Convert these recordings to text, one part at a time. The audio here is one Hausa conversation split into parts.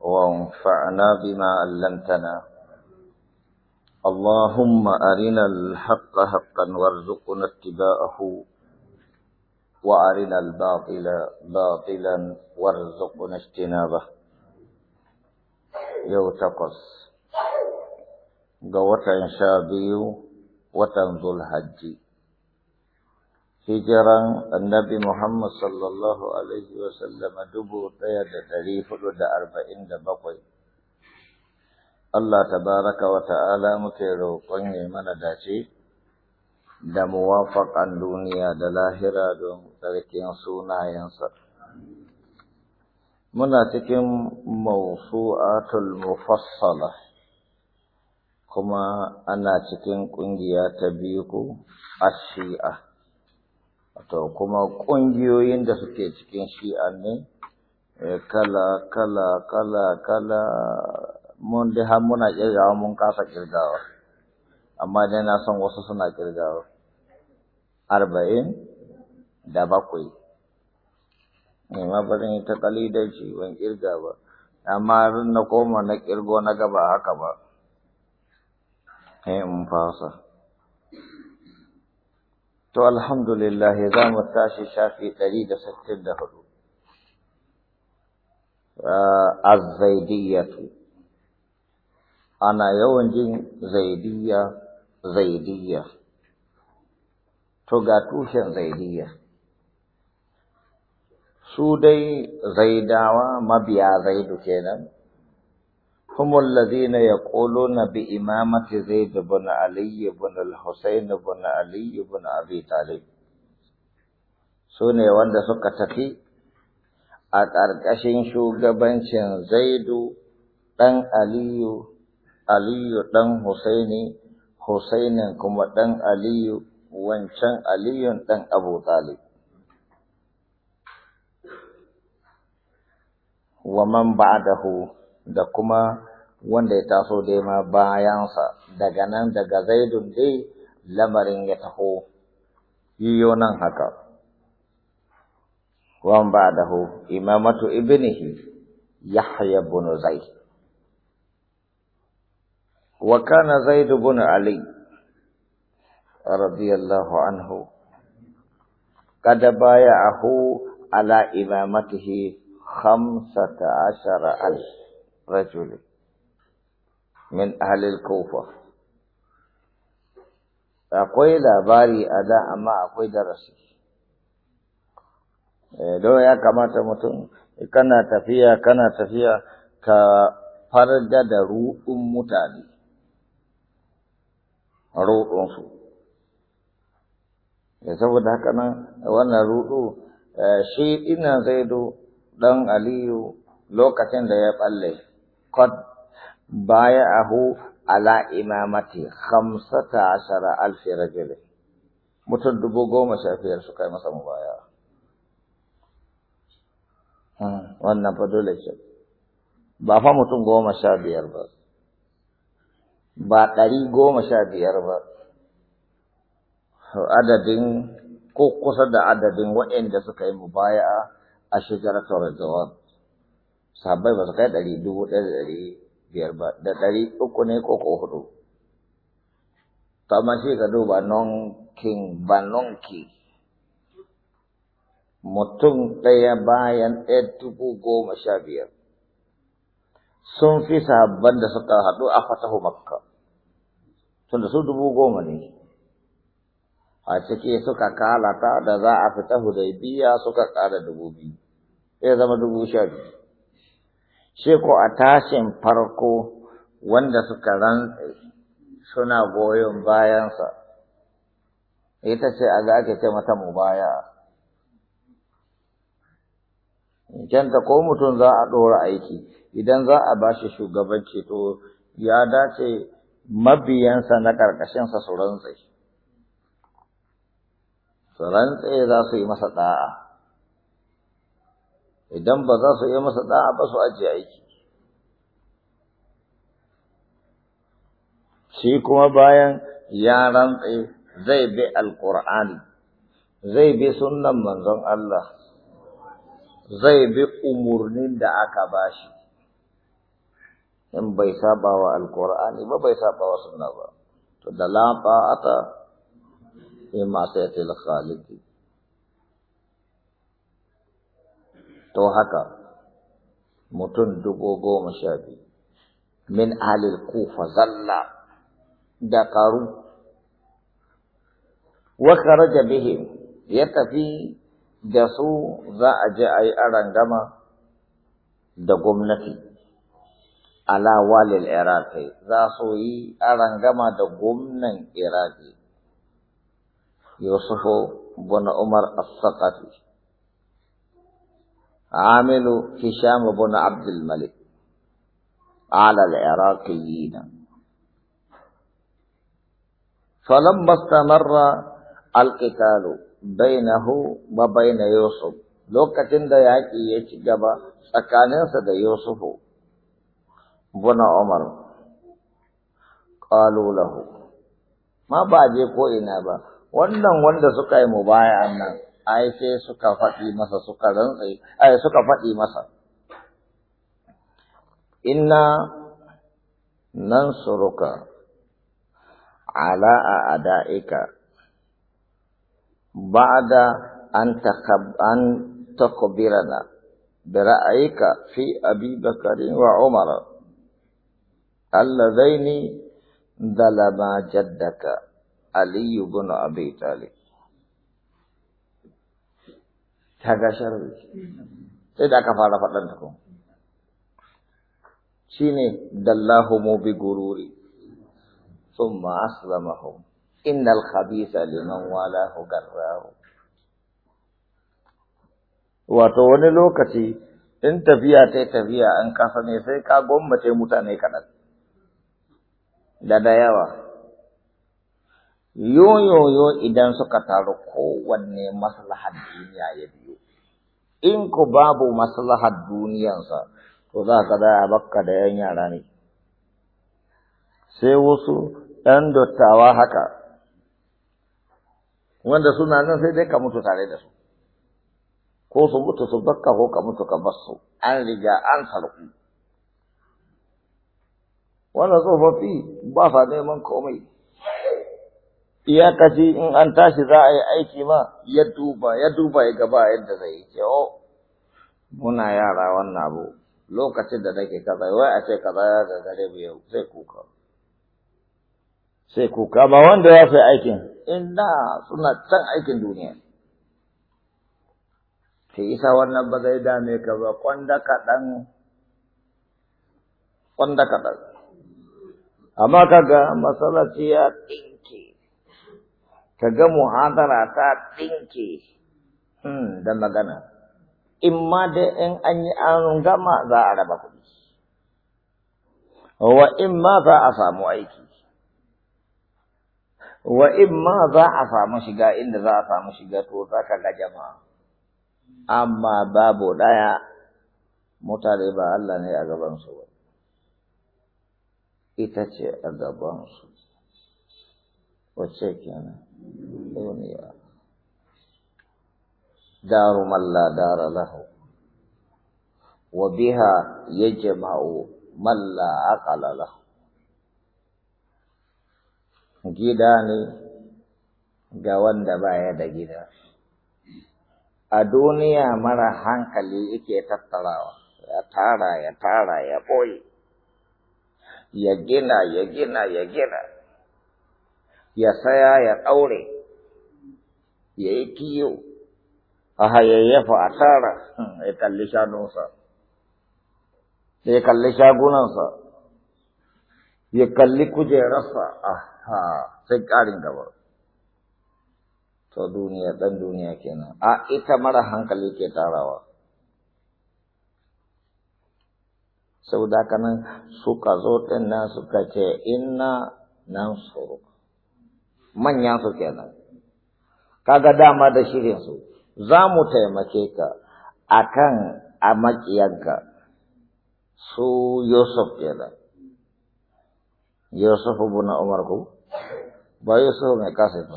وانفعنا بما علمتنا اللهم أرنا الحق حقا وارزقنا اتباعه وأرنا الباطل باطلا وارزقنا اجتنابه يوتقص قوة شابي وتنزل حجي hijiran annabi Muhammad sallallahu alaihi wasallam dubu ɗaya da ɗari huɗu da arba'in da bakwai. Allah tabaraka wa ta'ala muke roƙon ya mana dace da muwafaƙan duniya da lahira don tsarkin sunayensa. Muna cikin mawsu'atul mufassala kuma ana cikin ƙungiya ta biyu ko ashi'a. to kuma ƙungiyoyin da suke cikin shi'a ne eh, kala kala kala kala mun da har muna kirgawa mun kasa kirgawa amma dai na san wasu suna kirgawa arba'in da bakwai ne ma ba zan yi ta kalidanci ban kirga ba amma na koma na kirgo na gaba haka ba sai in fasa To alhamdulillah za mu tashi shafi ɗari da sittin da hudu. Ah, azzaidiyatu. Ana yawan jin Zaidiyya, Zaidiyya. To ga tushen zaidiyya. Su dai zaidawa mabiya zaidu kenan. هم الذين يقولون بإمامة زيد بن علي بن الحسين بن علي بن أبي طالب سوني وند سكتكي أكاركشين شوغبانشين زيد دن علي علي دن حسين حسين كما دن علي وانشان علي دن أبو طالب ومن بعده da kuma wanda ya taso dai ma bayansa daga nan daga zaidun dai lamarin ya taho yiyo nan haka wan ba da hu imamatu ibnihi yahya ibn zaid wa kana zaid ibn ali radiyallahu anhu kada baya ahu ala imamatihi khamsata ashara alf رجل من أهل الكوفة akwai labari a da amma akwai darasi don ya kamata mutum kana tafiya kana tafiya ka farda da ruɗun mutane ruɗunsu da saboda haka nan wannan ruɗu shi ina zaido ɗan aliyu lokacin da ya ɓalle قد بايعه على إمامة خمسة عشر ألف رجل mutum dubu goma sha biyar su kai masa mubaya wannan fa dole ce ba fa mutum goma sha biyar ba ba ɗari goma sha biyar ba ko kusa da adadin waɗanda suka yi mubaya a shigar tawar sahabbai ba su kai ɗari dubu ɗaya da ɗari biyar ba da ɗari uku ne ko ko hudu to amma shi ka duba nonkin ba nonki mutum ɗaya bayan ɗaya dubu goma sha biyar sun fi sahabban da suka haɗu a fatahu makka tunda su dubu goma ne a ciki suka kalata da za a fita hudaibiya suka ƙara dubu biyu ya zama dubu sha biyu Shi ko a tashin farko wanda suka rantse suna goyon bayansa, ita ce a ga ake ce mata mubaya. Kyanta ko mutum za a ɗora aiki, idan za a bashi shugabanci to ya dace mabiyansa na ƙarƙashinsa su rantse. Su rantse za su yi masa ɗa'a. idan ba za su yi masa da'a ba su ajiye aiki shi kuma bayan ya rantse zai bi alƙur'ani zai bi sunnan manzon Allah zai bi umurnin da aka bashi in bai saba wa alƙur'ani ba bai saba wa sunna ba to da la ata fi sayatil khalidin to haka mutum dubu goma sha biyu min alil kufa zalla da karu Waka Raja bihim ya tafi da su za a je a yi arangama da gwamnati ala walil iraqi za su yi gama da gwamnan iraqi yusufu bin umar as-saqafi عامل هشام بن عبد الملك على العراقيين فلما استمر القتال بينه وبين يوسف لوكتين دا ياكي يشي جبا سكانين دا يوسف بن عمر قالوا له ما باجي كو إنا با wannan wanda suka yi mubaya'an nan ai sai suka faɗi masa suka rantsai, ai suka faɗi masa. Inna nan suruka ala a ada’ika, ba da an takobirana, da ra’ayika fi abin wa Umar, Allah zai ni dalaba jaddaka, Aliyu bin Abi Talib. ta ga sharri sai da aka fara faɗan ta kuma shine dallahumu bi gururi thumma aslamahum innal khabisa liman walahu garrahu wato wani lokaci in tafiya ta tafiya an kasa ne sai ka gwammace mutane kaɗan da da yawa yoyoyo idan suka taru kowanne maslahar duniya ya bi in ku babu maslahar duniyansa to za ka da a bakka da yan yara ne sai wasu 'yan dottawa haka wanda suna nan sai dai ka mutu tare da su ko su mutu su bakka ko ka mutu ka basu an riga an sarku wannan tsofaffi ba sa neman komai iyakaci in an tashi za a yi aiki ma ya duba ya duba ya gaba yadda zai yi ke o oh, muna yara wannan abu lokacin da nake kaza wai a ce kaza ya gagare mu yau sai kuka sai kuka ba wanda ya fi aikin inda suna can aikin duniya sai isa wannan ba zai dame ka ba kwanda kaɗan kwanda kaɗan amma kaga masalaci ya ɗinke kaga muhadara ta ɗinke hmm, da magana in ma dai in an yi an gama za a raba kuɗi wa in ma za a samu aiki wa in ma za a samu shiga inda za a samu shiga to za ka ga jama'a amma babu ɗaya mutane ba Allah ne a gabansu ba ita ce a gabansu wacce kenan ɗauniya Daru من لا دار له وبها يجمع من لا gida ne ga wanda baya da gida a duniya mara hankali yake tattarawa ya tara ya tara ya ɓoye ya gina ya gina ya gina ya saya ya ɗaure ya yi kiyo a hayayyafa a tara ya kalli shanunsa ya kalli shagunansa ya kalli kujerarsa aha sai ƙarin gaba to duniya ɗan duniya kenan a ita mara hankali ke tarawa Sau haka nan suka zo ɗin nan suka ce ina nan su manyan su kenan kaga dama da shirin su za mu taimake ka akan a maƙiyanka su Yusuf kenan Yusuf na Umar ku ba Yusuf mai kasa ba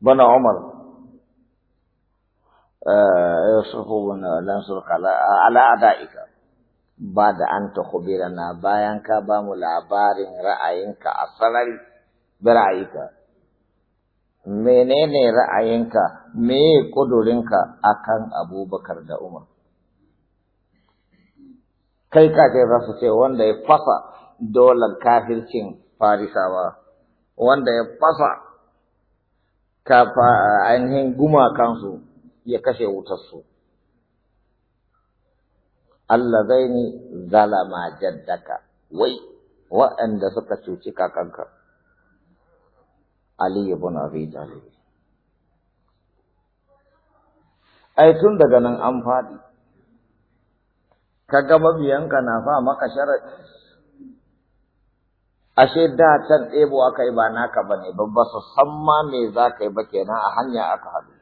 bana Umar eh, Yusuf ibn Lansur kala ala adaika ba da an ta na bayan ka ba mu labarin ra'ayinka a sarari da ra'ayinka menene ra'ayinka me kudurinka akan abubakar da umar kai kace za su ce wanda ya fasa dolar kafircin farisawa wanda ya fasa kafa ainihin gumakansu ya kashe wutarsu Allah zai ni zalama jaddaka wai waɗanda suka cuci kakanka Ali ibn Abi Talib ai tun daga nan an faɗi kaga mabiyanka na fa maka sharadi ashe da can ɗebo aka yi ba naka ba ne ba su san ma me za ka yi ba kenan a hanya aka haɗu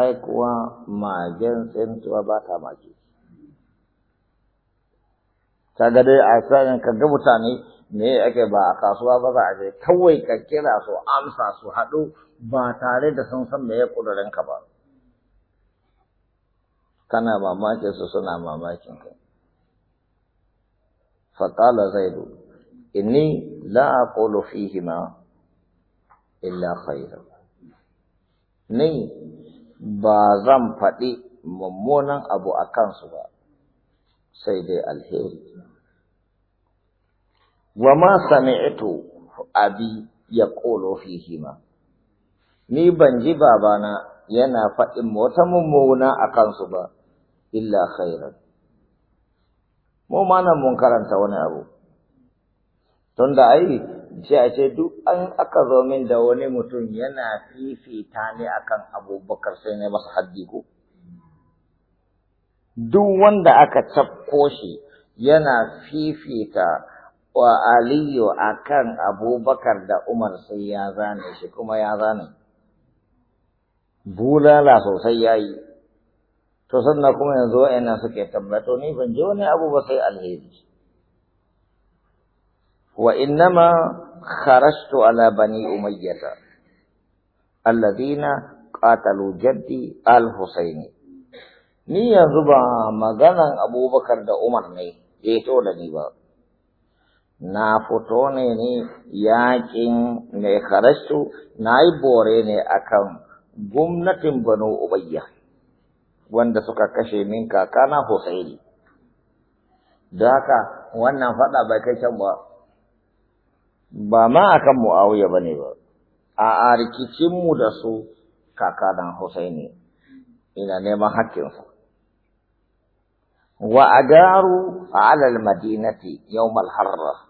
ai kuwa magen tsintuwa ba ta mage kaga dai a sa'in kaga mutane me ake ba a kasuwa ba za a je kawai ka kira su amsa su haɗu ba tare da sun san me ya ƙudurin ka ba kana mamakin su suna mamakin ka faƙala zaidu inni la aqulu fihima illa khaira ni ba zan faɗi mummunan abu a kansu ba sai dai alheri wa ma sami'tu abi yaqulu ma ni ban ji babana yana faɗin wata mummuna a kansu ba illa khairan mu ma nan mun karanta wani abu tunda ai ce a ce duk an aka zo min da wani mutum yana fifita ne akan abubakar sai ne masa haddi ko duk wanda aka tafko shi yana fifita wa aliyu akan abubakar da umar sai ya zane shi kuma ya zane bulala sosai ya yi to sannan kuma yanzu wa'annan suke tabbato ni ban je wani abu ba sai alheri wa innama kharashtu ala bani umayyata alladhina qatalu jaddi al-husaini ni yanzu ba maganan abubakar da umar ne ya to da ni ba na fito ne ne yaƙin mai kharastu na yi bore ne akan gwamnatin Banu Ubayya wanda suka kashe min kakana Husaini. Don haka wannan faɗa bai kai can ba, ba ma akan Muawiya ba ne ba, a rikicinmu da su kakana Husaini ina neman haƙƙinsu. Wa agaru alal madinati yawmal harra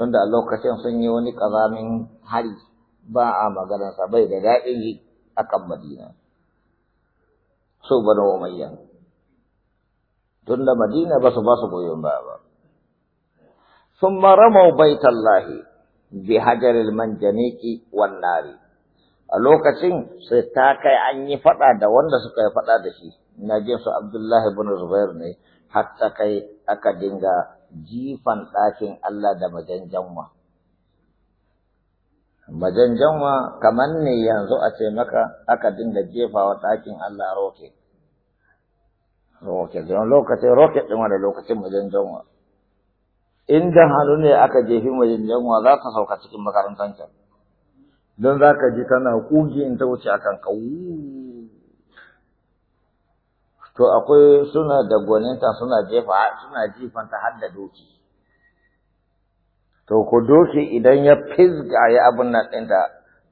tunda a lokacin sun yi wani ƙazamin hari ba a maganarsa bai da daɗin yi a kan madina so banu umayya tunda madina ba su ba su goyon ba ba ثم رموا بيت bi بحجر manjaniki a lokacin sai ta kai an yi faɗa da wanda suka yi faɗa da shi na jinsu abdullahi bin zubair ne hatta kai aka dinga jifan ɗakin Allah da majanjanwa. Majanjanwa kamar ne yanzu a ce maka aka dinga jefawa ɗakin Allah roke. Roke, don lokacin roke ɗin wani lokacin majanjanwa. Inda hannu ne aka jefi majanjanwa za ta sauka cikin makarantar don za ka ji tana kugi in ta wuce akan kawu to akwai suna da gwaninta suna jefa suna jifanta har da doki to ko doki idan ya fizga ya abin nan ɗinta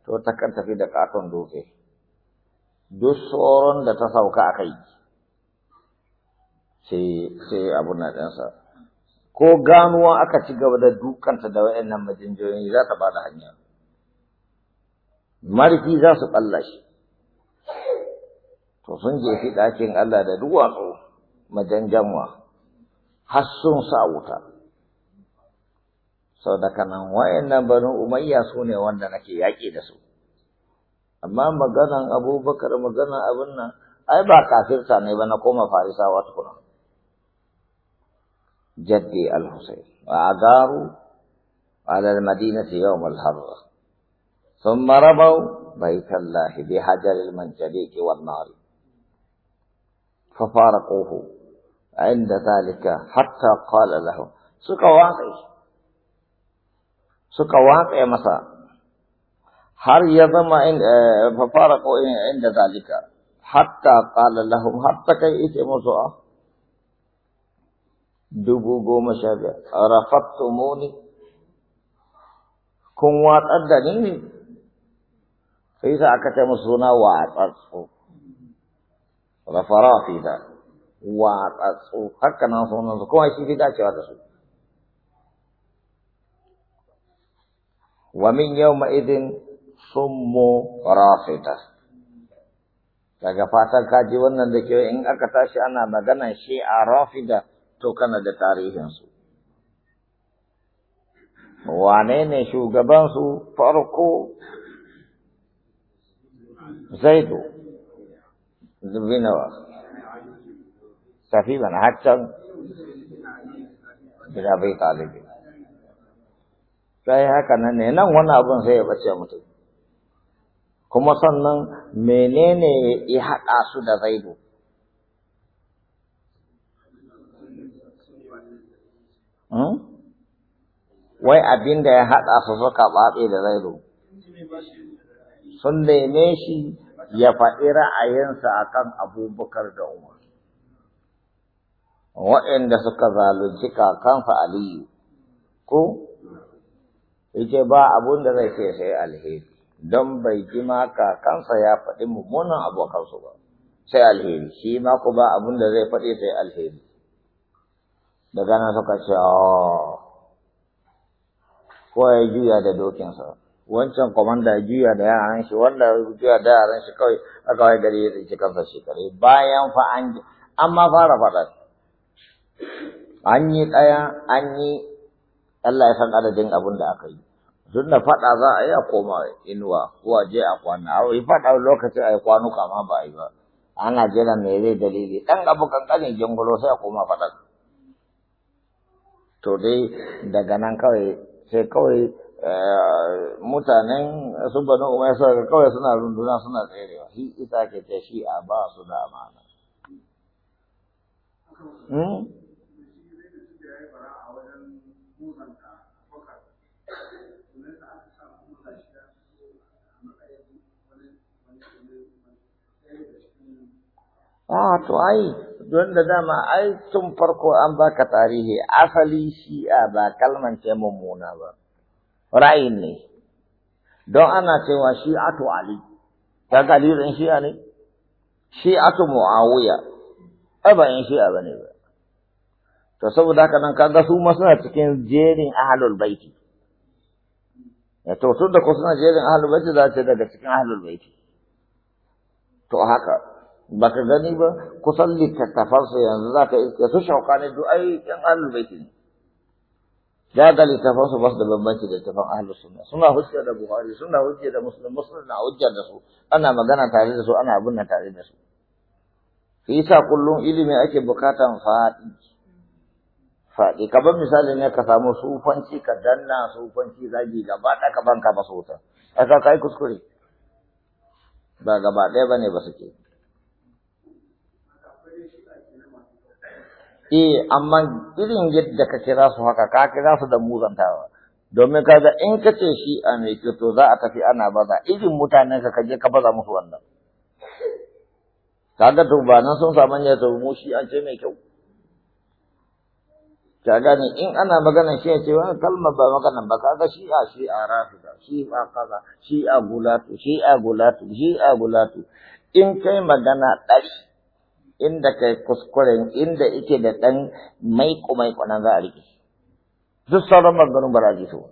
to ta kan tafi da katon doki duk tsoron da ta sauka a kai sai sai abin nan ɗinsa ko ganuwa aka ci gaba da dukanta da wayannan majinjoyi za ta bada hanya mariki za su ɓalla shi to sun jefi ɗakin Allah da duwatsu majanjanwa har sun sa wuta sau da kanan wayannan banu umayya su ne wanda nake yaƙi da su amma maganan abubakar magana abin nan ai ba kafirta ne ba na koma farisawa tukuna jaddi al-husayn wa agaru ala al-madinati yawm al-harra thumma rabaw bayt bi hajar al nar ففارقوه عند ذلك حتى قال له سكا واقع سكا واقع مسا هر يضم آه، ففارقوا عند ذلك حتى قال له حتى كي اتمزوا دبو قوم شابع رفضتموني كن واتأدني فإذا أكتم الزنا واتأدني rafarafida watsatsu haka nan sunan su kuma shi fi da su wa min yawma idin summu rafida daga fatan kaji wannan da kyau in aka tashi ana magana shi a rafida to kana da tarihinsu wane ne shugabansu farko zaidu zubi nawa safi mana har can gida bai talibi sai haka nan ne nan wani abun sai ya bace mutum kuma sannan menene ya haɗa su da zaidu hmm? wai abin da ya haɗa su suka ɓaɓe da zaidu sun neme shi ya faɗi ra'ayinsa kan abubakar da umar waɗanda suka zalunci kakansa aliyu ko yake ba abun da zai ce sai alheri don bai ji ma kakansa ya faɗi mummunan abokansu ba sai alheri shi ma ku ba abun da zai faɗi sai alheri daga nan suka ce oh. ko ya juya da dokinsa wancan komanda juya da yaran shi wanda juya da yaran shi kawai aka wai gari ya tsinci kansa shekaru bayan fa an an ma fara faɗa an yi ɗaya an yi Allah ya san adadin abin da aka yi tun da faɗa za a yi a koma inuwa ko a je a kwana a yi faɗa lokacin a yi kwanuka ma ba a yi ba ana jira me zai dalili ɗan abu kankanin jingulo sai a koma faɗa to dai daga nan kawai sai kawai Eh, mutanen su banu umar sa kawai suna runduna suna tserewa shi ita ke ce shi a ba su da amana hmm? a ah, to ai, don da dama ai tun farko an baka tarihi asali shi a ba kalmance mummuna ba. ra'ayin ne don ana cewa shi ato ali ta ali shi'a ne shi'atu muawiya ai ba in shi'a bane ba to saboda haka nan kaga su ma suna cikin jerin ahlul baiti ya to tun da ko suna jerin ahlul baiti za ce daga cikin ahlul baiti to haka baka gani ba kusan littattafansu yanzu za ka iske su shauka ne duk ai yan ahlul baiti ne ya ga littafan su ba su da bambanci da littafan ahlus sunna suna hujja da buhari suna hujja da muslim muslim na hujja da su ana magana tare da su ana abin nan tare da su shi yasa kullum ilimi ake bukatan faɗi faɗi kamar misali ne ka samu sufanci ka danna sufanci zagi gaba ɗaya ka banka ba wuta aka kai kuskure ba gaba ɗaya bane ba suke eh amma irin yadda ka kira su haka ka kira su da muzantawa domin kaga in ka ce shi a mai za a tafi ana baza irin mutanen ka kaje ka baza musu wannan kaga to ba nan sun samu ne to mu shi an ce mai kyau ka gane in ana magana shi ce wa kalma ba magana ba kaga shi a shi a rafida shi ba kaza shi a gulatu shi a gulatu shi a gulatu in kai magana ɗari inda kai kuskuren inda ike da ɗan maiko maiko nan za a riƙe duk sauran maganin ba za su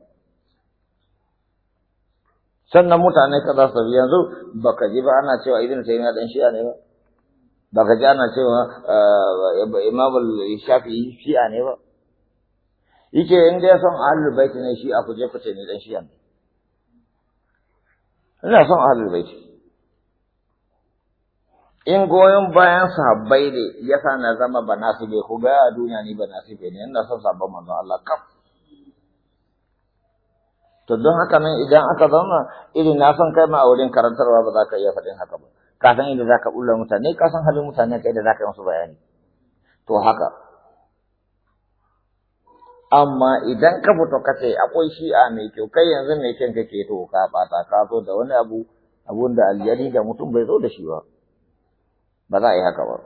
sannan mutane kaza su yanzu baka ji ba ana cewa sai taymiya dan shi'a ne ba baka ji ana cewa eh, imamul shafi shi'a ne ba yake in dai son ahlul baiti ne shi'a ku je ku ce ni dan shi'a ne ina son ahlul baiti. in goyon bayan sahabbai ne yasa na zama ba nasibe ku ga a duniya ni ba nasibe ne ina son sabon manzon Allah kaf to don haka nan idan aka zauna irin na son kai ma a wurin karantarwa ba za ka iya faɗin haka ba kasan san inda za ka ɓulla mutane ka san halin mutane kai inda za ka yi musu bayani to haka amma idan ka fito ka ce akwai a mai kyau kai yanzu mai kyan kake to ka ɓata ka zo da wani abu abun da aljari da mutum bai zo da shi ba ba za a yi haka ba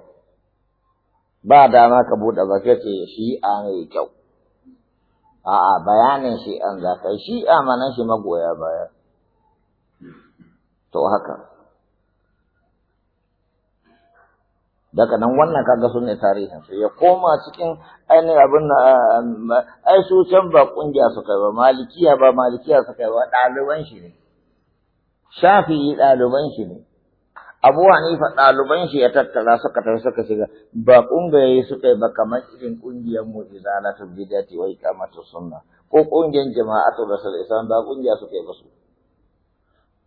ba dama ka buɗe baki ce shi'a ne kyau a'a bayanin shi'an za ka yi shi'a mana shi magoya baya to haka daga nan wannan kaga su ne tarihin su ya koma cikin ainihin abin na ai su can ba kungiya su kai ba malikiya ba malikiya su kai ba ɗaliban shi ne shafi ɗaliban shi ne Abu Hanifa ɗaliban shi ya tattara suka tafi suka shiga ba ƙungiyoyi suka yi ba kamar irin ƙungiyar mu izalatu bidati wa iqamatu sunna ko kungiyar jama'atu rasul islam ba ƙungiya suka yi ba su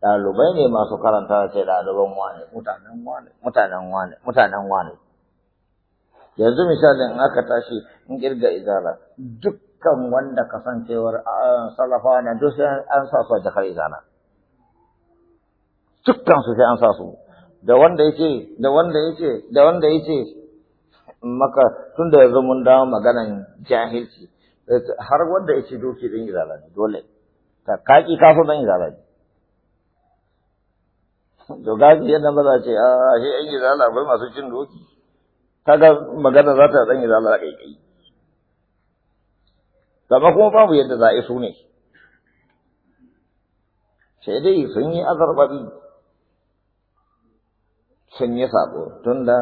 ɗalibai ne masu karanta da ce ɗaliban wane mutanen wane mutanen wane mutanen wane yanzu misalin in aka tashi in kirga izala dukkan wanda kasancewar sarrafa na duk sai an sa su a jakar izala dukkan su sai an sa su da wanda yake da wanda yake da wanda yake maka tun da yanzu mun dawo maganan jahilci har wanda yake doki din izala dole ka kaki kafu ban dan to gaji yadda ba za ce a ah, shi yan izala akwai masu cin doki kaga magana za ta dan izala kai kai amma kuma babu yadda za a yi su ne sai dai sun yi azarbabi sun yi sabo da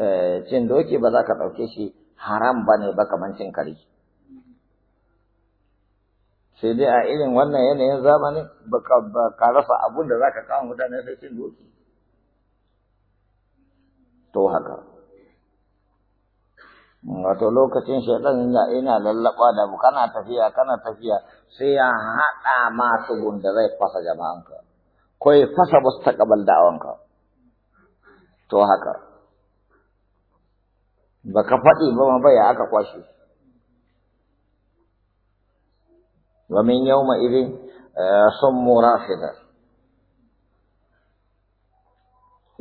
eh, cin doki ba za ka ɗauke shi haram ba ne ba kamar cin kari sai dai a irin wannan yanayin zamani ba ka rasa abun da za ka kama mutane sai cin doki to haka wato lokacin shaidan ina lallaba da mu kana tafiya kana tafiya sai ya haɗa masu tugun da zai fasa jama'anka ko ya fasa mustaqbal da'awanka to haka ka faɗi ba ma baya aka kwashe wa min yawma idin eh, mura rafida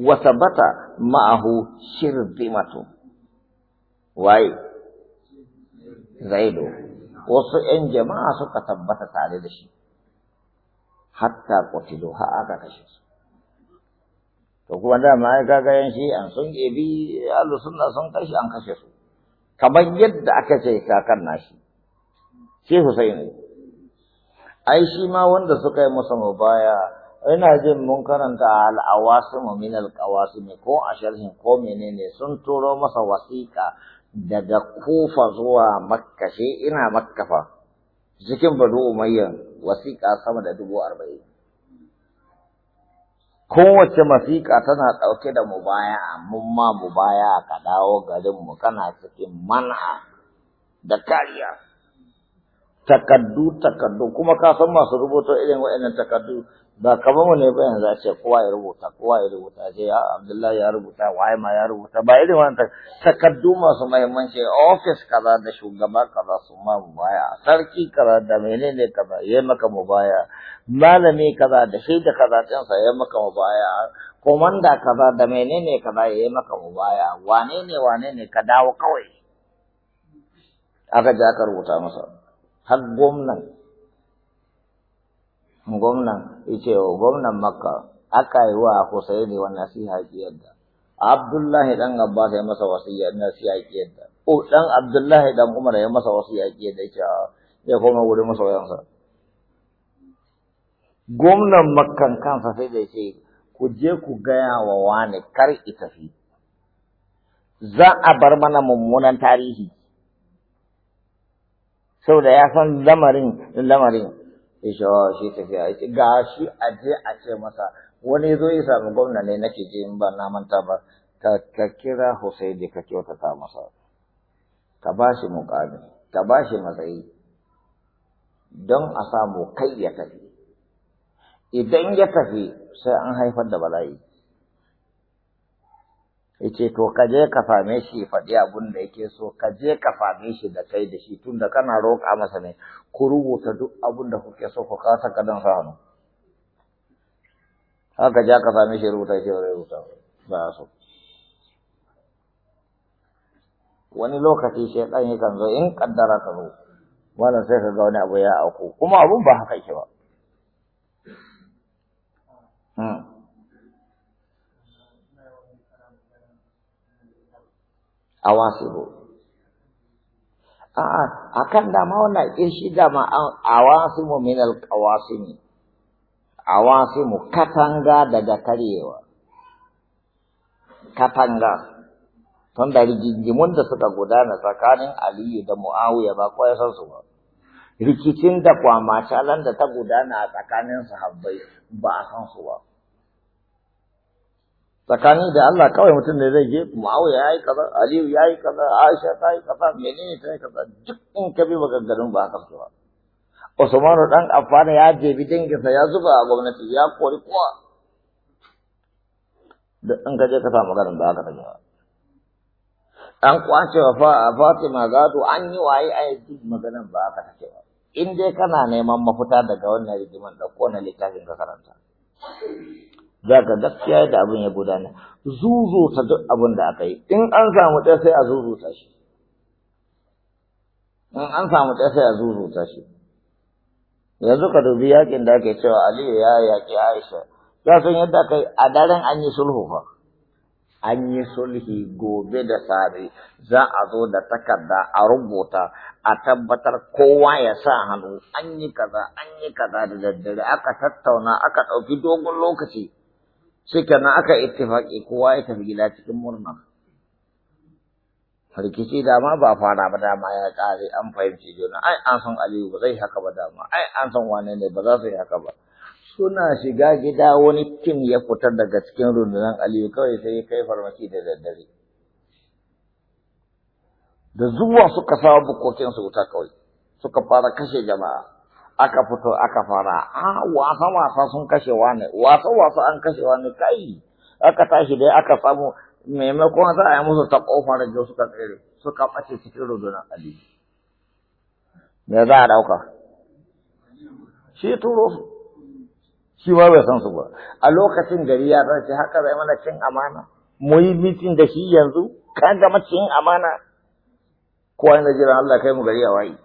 wa thabata ma'ahu shirdimatu waye zaido wasu ‘yan jama'a suka tabbata tare da shi hatta ƙwatilo har aka kashe su to kuma dama ya kaga yan shi'an sun ebi ahlus sunna sun kashi an kashe su kamar yadda aka ce kakan nashi shi Husain ai shi ma wanda suka yi masa mubaya ina jin mun karanta awasim min qawasim ko a sharhin ko menene sun turo masa wasiƙa daga kufa zuwa makka shi ina makka fa cikin badu umayyan wasiƙa sama da dubu arba'in kowace masika tana ɗauke da mubaya mun ma mubaya ka dawo garinmu kana cikin man'a da kariya takaddu takaddu kuma ka san masu rubuta irin waɗannan takaddu ba kamar wani ne ba yanzu a ce kowa ya rubuta kowa ya rubuta sai ya Abdullahi ya rubuta waye ma ya rubuta ba irin wannan takaddu masu mahimmanci ofis kaza da shugaba kaza su ma baya sarki kaza da menene kaza ya maka mu baya malami kaza da shi da kaza din ya maka mu baya komanda kaza da menene kaza ya maka mu baya wane ne wane ne ka dawo kawai aka ja ka rubuta masa har gwamnan gwamnan ya ce wa gwamnan makka aka yi wa ne wa nasiha ki yadda abdullahi dan abbas ya masa wasiya nasiha ki yadda o dan abdullahi dan umar ya masa wasiya ki yadda ya ya koma wurin masoyansa gwamnan makkan kansa sai da ce ku je ku gaya wa wani kar tafi za a bar mana mummunan tarihi saboda ya san lamarin lamarin ya wa shi tafiya ya ce ga shi a je a ce masa wani zo ya sami gwamna ne nake je in ba na manta ba ka kira da ka kyautata masa ka ba shi muƙami ka ba shi matsayi don a samu kai ya tafi idan ya tafi sai an haifar da bala'i yace to ka je ka same shi faɗi abun da yake so ka je ka same shi da kai da shi tunda kana roƙa masa ne ku rubuta duk abun da kuke so ku kasa kadan sa hannu haka ja ka same shi rubuta shi rubuta ba so wani lokaci yi yakan zo in kaddara ka zo Wala sai ka ga wani abu ya auku kuma abun ba haka yake ba hmm. awasibu a'a ah, akan dama wannan in shi dama awasimu min alqawasimi awasimu katanga daga karyewa katanga tun da rigingimun da suka gudana tsakanin Aliyu da Muawiya ba ko ya san su ba. Rikicin da kwamacalan da ta gudana a tsakanin sahabbai ba a san su ba. tsakani da Allah kawai mutum ne zai je ya yi kaza Aliyu ya yi kaza Aisha ta yi kaza menene ta yi kaza duk in ka bi maganganun ba haka ba Usman dan Affan ya je bi danginsa ya zuba a gwamnati ya kori kowa da in ka je ka samu garin ba haka ta ba an kwace wa Fatima gado an yi waye a duk maganin ba haka take ba in dai kana neman mafita daga wannan rigiman da ko na littafin ka karanta za ka gaskiya da abin ya gudana zuzuta duk abin da aka yi in an samu ɗaya sai a zuzuta shi in an samu ɗaya sai a zuzuta shi yanzu ka dubi yakin da ake cewa aliyu ya yaƙi aisha ya san yadda aka yi a daren an yi sulhu fa an yi sulhi gobe da sare, za a zo da takarda a rubuta a tabbatar kowa ya sa hannu an yi kaza an yi kaza da daddare aka tattauna aka ɗauki dogon lokaci suka na aka ittifaki kowa ya tafi gida cikin murna rikici dama ba fara ba dama ya kare an fahimci juna ai an san aliyu ba zai haka ba dama ai an san wane ne ba za su yi haka ba suna shiga gida wani tim ya fita daga cikin rundunar aliyu kawai sai ya kai farmaki da daddare da zuwa suka sawa bukokin su wuta kawai suka fara kashe jama'a aka fito aka fara a ah, wasa wasa sun kashe wani wasa wasa an kashe wani kai aka tashi dai aka samu maimakon za a yi musu ta kofar da suka tsere suka ɓace cikin rundunar ali me za a ɗauka shi turo shi ba bai san su ba a lokacin gari ya zarce haka zai mana cin amana mu yi mitin da shi yanzu ka gama cin amana kowa yana jiran Allah kai mu gari a wayi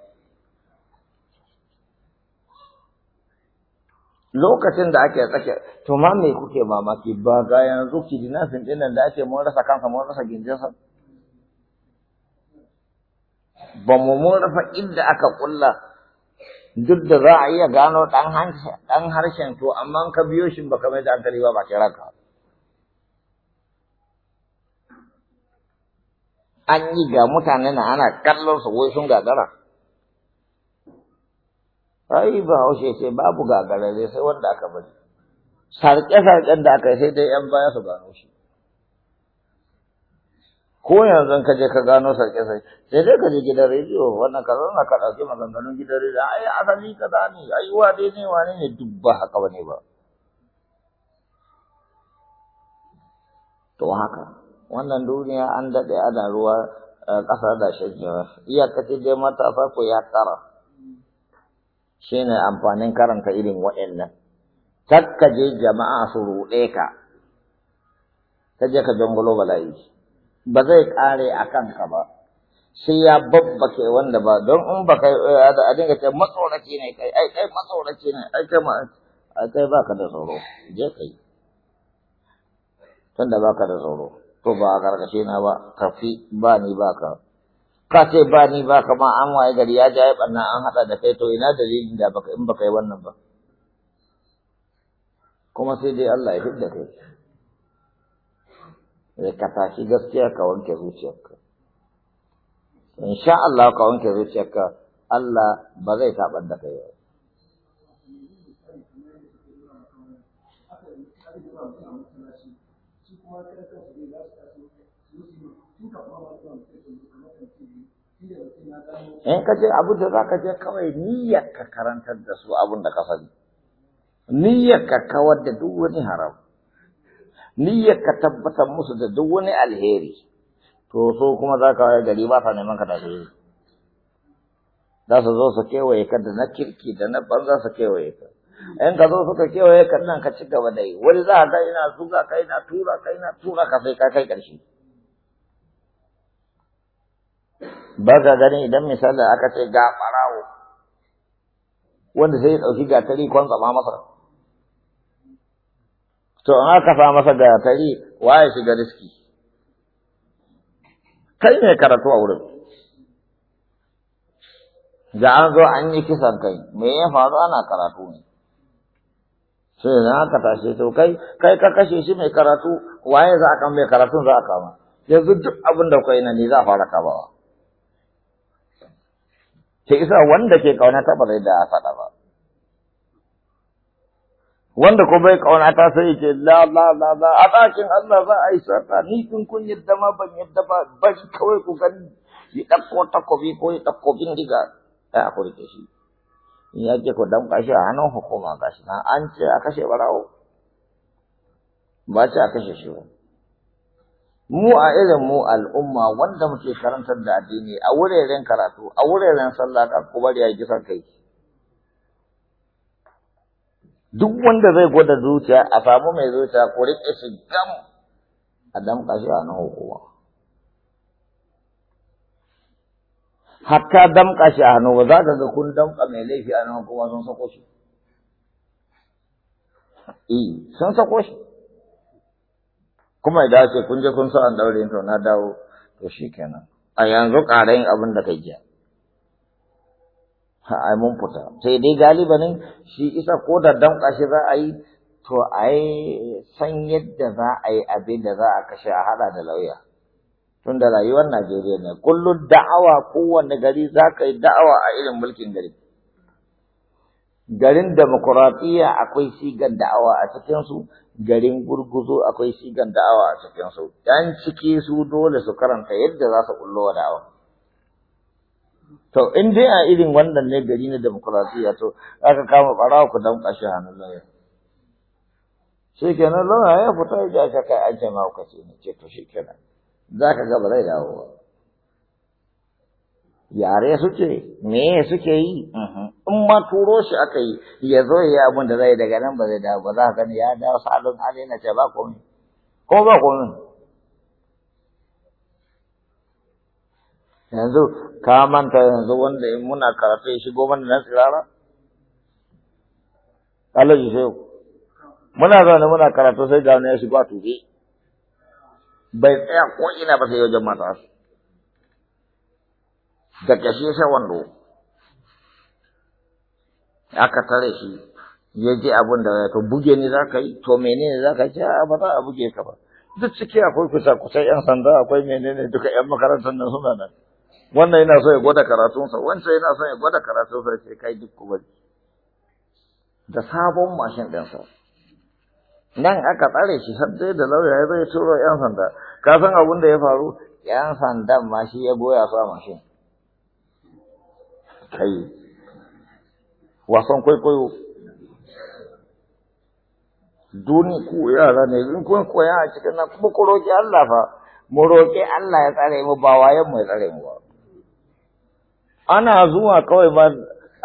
lokacin da ake tsake to ma me kuke mamaki ba ga yanzu sun din nan da ake mun rasa kansa mun rasa gindinsa ba mu mun rasa inda aka kulla duk da za a iya gano dan harshen to amma ka biyo shi ba kamar da hankali ba ba ke raka. an yi ga mutane na ana kallon su wai sun gagara Ayi ba ce babu ne sai wanda aka bari sarƙe-sarƙen da aka yi sai dai yan baya su gano shi ko yanzu ka je ka gano sarƙe-sarƙe sai dai ka je gidan rediyo wannan ka zauna ka ɗauki maganganun gidan rediyo ai asali ka ne ai wane ne wane ne duk ba haka ba ne ba to haka wannan duniya an daɗe ana ruwa eh, ƙasa da shakewa iyakaci dai matasa ko ya ƙara. shine amfanin karanta irin waɗannan takka je jama'a su ruɗe ka ta je ka jangulo bala'i ba zai ƙare a kanka ba sai ya babbake wanda ba don in ba kai a dinga ce matsoraci ne kai ai kai matsoraci ne ai kai ai kai baka da tsoro je kai tunda baka da tsoro to ba a karkashe na ba kafi ba ni baka ka ce ba ni ba kama an waye gari ya ja ya barna an haɗa da kai to ina dalilin da baka in baka yi wannan ba kuma sai dai Allah ya hidda kai da ka tashi gaskiya ka wanke zuciyarka in sha Allah ka wanke zuciyarka Allah ba zai taɓar da kai ba in ka je abu da za ka je kawai niyyar ka karantar da su abun da ka sani niyyar ka kawar da duk wani haram niyyar ka tabbatar musu da duk wani alheri to so kuma za ka waye gari ba sa neman ka da alheri za su zo su kewaye ka da na kirki da na banza su kewaye ka in ka zo suka kewaye ka nan ka ci gaba da yi wani za ka ina zuga ka ina tura ka ina tura ka sai ka kai ƙarshe ba ka gani idan misali aka ce ga farawo wanda sai ya ɗauki gatari kwan tsama masa to an aka fa masa gatari waye shiga riski kai ne karatu a wurin da an zo an yi kisan kai me ya faru ana karatu ne sai na aka tashi to kai kai ka kashe shi mai karatu waye za a kan mai karatun za a kama yanzu duk abin da kai na ne za a fara kabawa sai isa wanda ke kaunata ba zai da faɗa ba wanda ko bai kaunata sai ya ce la la la la a ɗakin Allah za a yi sarta ni kun kun yadda ma ban yadda ba shi kawai ku gani ya ɗauko takobi ko ya ɗauko bindiga a ku shi in ya ce ko dan kashi a hannun hukuma gashi na an ce a kashe barawo ba ce a kashe shi ba mu a irin mu al'umma wanda muke karantar da addini a wuraren karatu a wuraren sallah ka ku bari ya gisa kai duk wanda zai gwada zuciya a samu mai zuciya ku rike shi gam a damƙa shi a nan hukuma hatta damƙa shi a hannu ba za ka ga kun damƙa mai laifi a nan hukuma sun sako shi eh sun sako shi kuma idan ake kun je kun so an daure to na dawo to shikenan a yanzu ƙara abin da kai jiya ai mun fita sai dai galibanin shi isa ko da damƙa shi za a yi to ai san yadda za a yi abin da za a kashe a haɗa da lauya tun da rayuwar Najeriya ne kullum da'awa kowanne gari za ka yi da'awa a irin mulkin gari garin demokuraɗiyya akwai sigar da'awa a cikinsu garin gurguzo akwai sigan da'awa a cikin su dan ciki su dole su karanta yadda za su kullo wa da'awa to in dai a irin wannan ne gari na demokrasiya to aka kama barawa ku dan kashi hannun shi kenan lauya ya fita ya ce kai an ce ma ku ce to shi kenan za ka ga ba zai dawo ba yare suke me suke yi mm-hmm. in ma turo shi aka yi ya zo ya abin da zai daga nan ba zai dawo ba za ka gani ya dawo salon hali na ce ba komai ko ba komai yanzu ka manta yanzu wanda in muna karatu ya shigo mana nan tsirara Al'aji sai shi muna zaune muna karatu sai ga wani ya shigo a tuge. bai tsaya ko ina ba sai wajen matasa da kashe sa wando aka tare shi ya je abin da to buge ne za ka yi to menene za ka ce ba za a buge ka ba duk ciki akwai kusa kusa yan sanda akwai menene duka yan makarantar nan suna nan wannan yana so ya gwada karatunsa wancan yana so ya gwada karatunsa sai kai duk kuma da sabon mashin ɗinsa nan aka tsare shi har dai da lauya ya zai turo yan sanda ka san abin da ya faru yan sandan ma shi ya goya su a mashin kai wasan kwaikwayo duni ku yara ne in kun koya a cikin nan kuma ku roƙi Allah fa mu roƙi Allah ya tsare mu ba wayan mu ya tsare mu ba ana zuwa kawai ba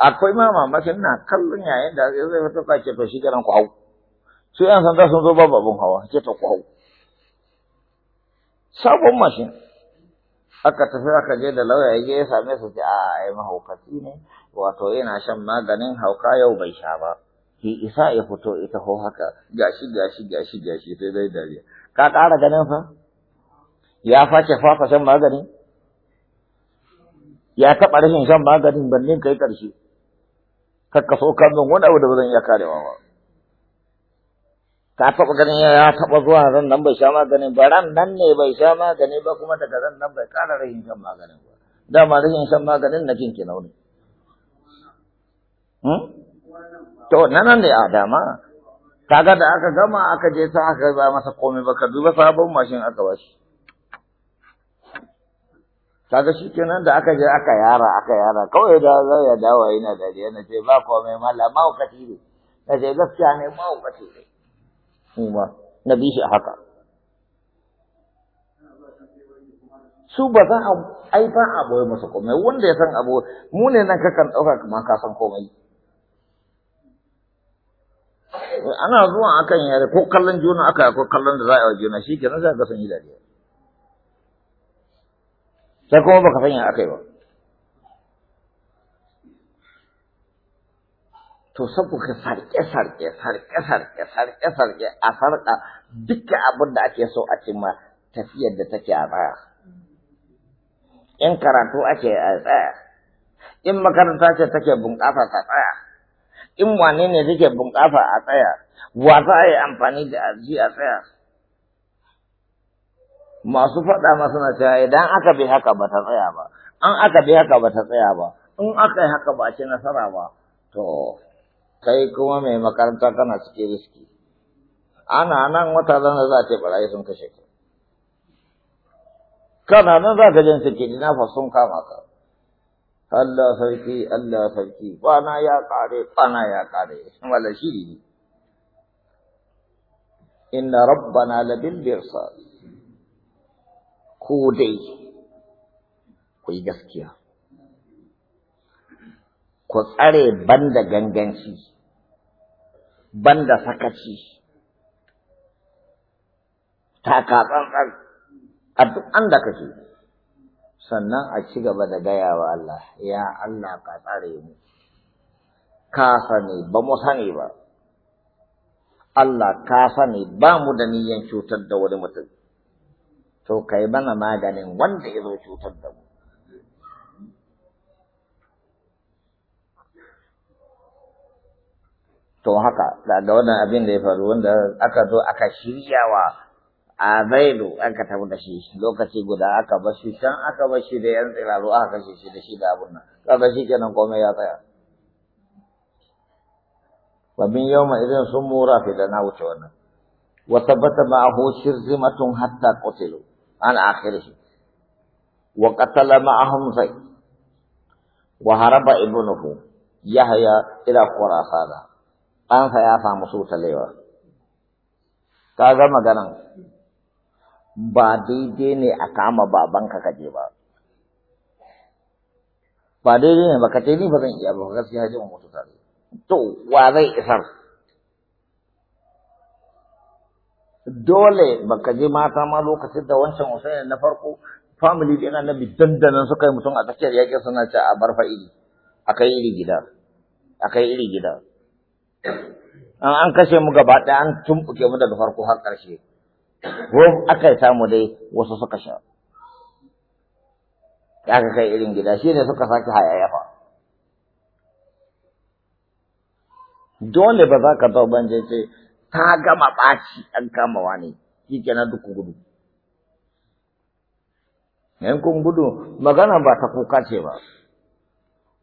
akwai ma mamakin na kallon yayin da zai fita ta ce to shi kenan ku hau sai an san sun zo babu abun hawa ce ta ku hau sabon mashin aka tafi aka je da lauya ya je ya same su ce a ai mahaukaci ne wato yana shan maganin hauka yau bai sha ba ki isa ya fito ita ho haka gashi gashi gashi gashi sai dai dariya ka ƙara ganin fa ya face fafa shan magani ya taɓa rashin shan maganin bannin kai ƙarshe so kan wani abu da ba zan iya karewa ba ka taɓa ganin ya taɓa zuwa ran nan bai sha magani ba ran nan ne bai sha magani ba kuma daga ran nan bai ƙara rashin shan maganin ba dama rashin shan maganin na kinki nauni hmm? to nan ne a dama kaga da aka gama aka je ta aka ba masa komai ba ka duba sabon mashin aka bashi kaga shi kenan da aka je aka yara aka yara kawai da za ya dawo yana dariya na ce ba komai malama maukaci ne na ce gaskiya ne maukaci ne na bi shi a haka su ba za a ai ba a boye masa komai wanda ya san abu mu ne nan kakan ɗauka kuma ka san komai ana zuwa akan yare ko kallon juna aka ko kallon da za a yi wa juna shi kenan za ka san yi dariya sai kuma baka san aka yi ba to saboda sarke-sarke sarke-sarke sarke-sarke a farka dukkan abin da ake so a cimma tafiyar da take a tsaya in karatu ake a tsaya in makaranta ce take bunƙasa ta tsaya in wane ne take bunƙasa a tsaya wa za a yi amfani da aji a tsaya masu faɗa masu na cewa idan aka bi haka ba ta tsaya ba an aka bi haka ba ta tsaya ba in aka yi haka ba ce nasara ba to kai kuma mai makaranta kana cikin riski ana nan wata ranar za ce barayi sun kashe ka kana nan za ka jin suke na fa sun kama ka Allah sarki Allah sarki kwana ya kare kwana ya kare wala shi ne inna rabbana bil birsal ko dai ku yi gaskiya ku tsare banda ganganci banda sakaci taka tsantsan a duk an da kake sannan a ci gaba da gaya wa Allah ya Allah ka tsare mu ka sani ba mu sani ba Allah ka sani ba mu da niyyan cutar da wani mutum to kai mana maganin wanda ya zo cutar da mu to haka da wannan abin da ya faru wanda aka zo aka shirya wa azailu aka tafi da shi lokaci guda aka bar shi can aka bar shi da yan tsiraru aka kashe shi da shi da abun nan kaga shi kenan komai ya tsaya wa min yawma idan sun mura fi da na wuce wannan wa tabbata ma'ahu shirzimatun hatta qutilu an akhirih wa qatala ma'ahum zaid wa haraba ibnuhu yahya ila khurasana ɗansa ya samu sutalewa ka ga maganan ba daidai ne a kama babanka kaje ba ba daidai ne ba ka ni ba zan iya ba gaskiya jin mutu ta. to wa zai isar dole baka je mata ma lokacin da wancan ne na farko family na bi dandanan suka yi mutum a tsakiyar yakin suna ce a bar a kai iri gida a kai iri gida an kashe mu gaba ɗaya an tumɓuke mu daga farko har ƙarshe ko aka samu dai wasu suka sha ka kai irin gida shi ne suka sake hayayyafa dole ba za ka zo ban ce ta gama ɓaci an kama wani shi na duk gudu yankun gudu magana ba ta kuka ce ba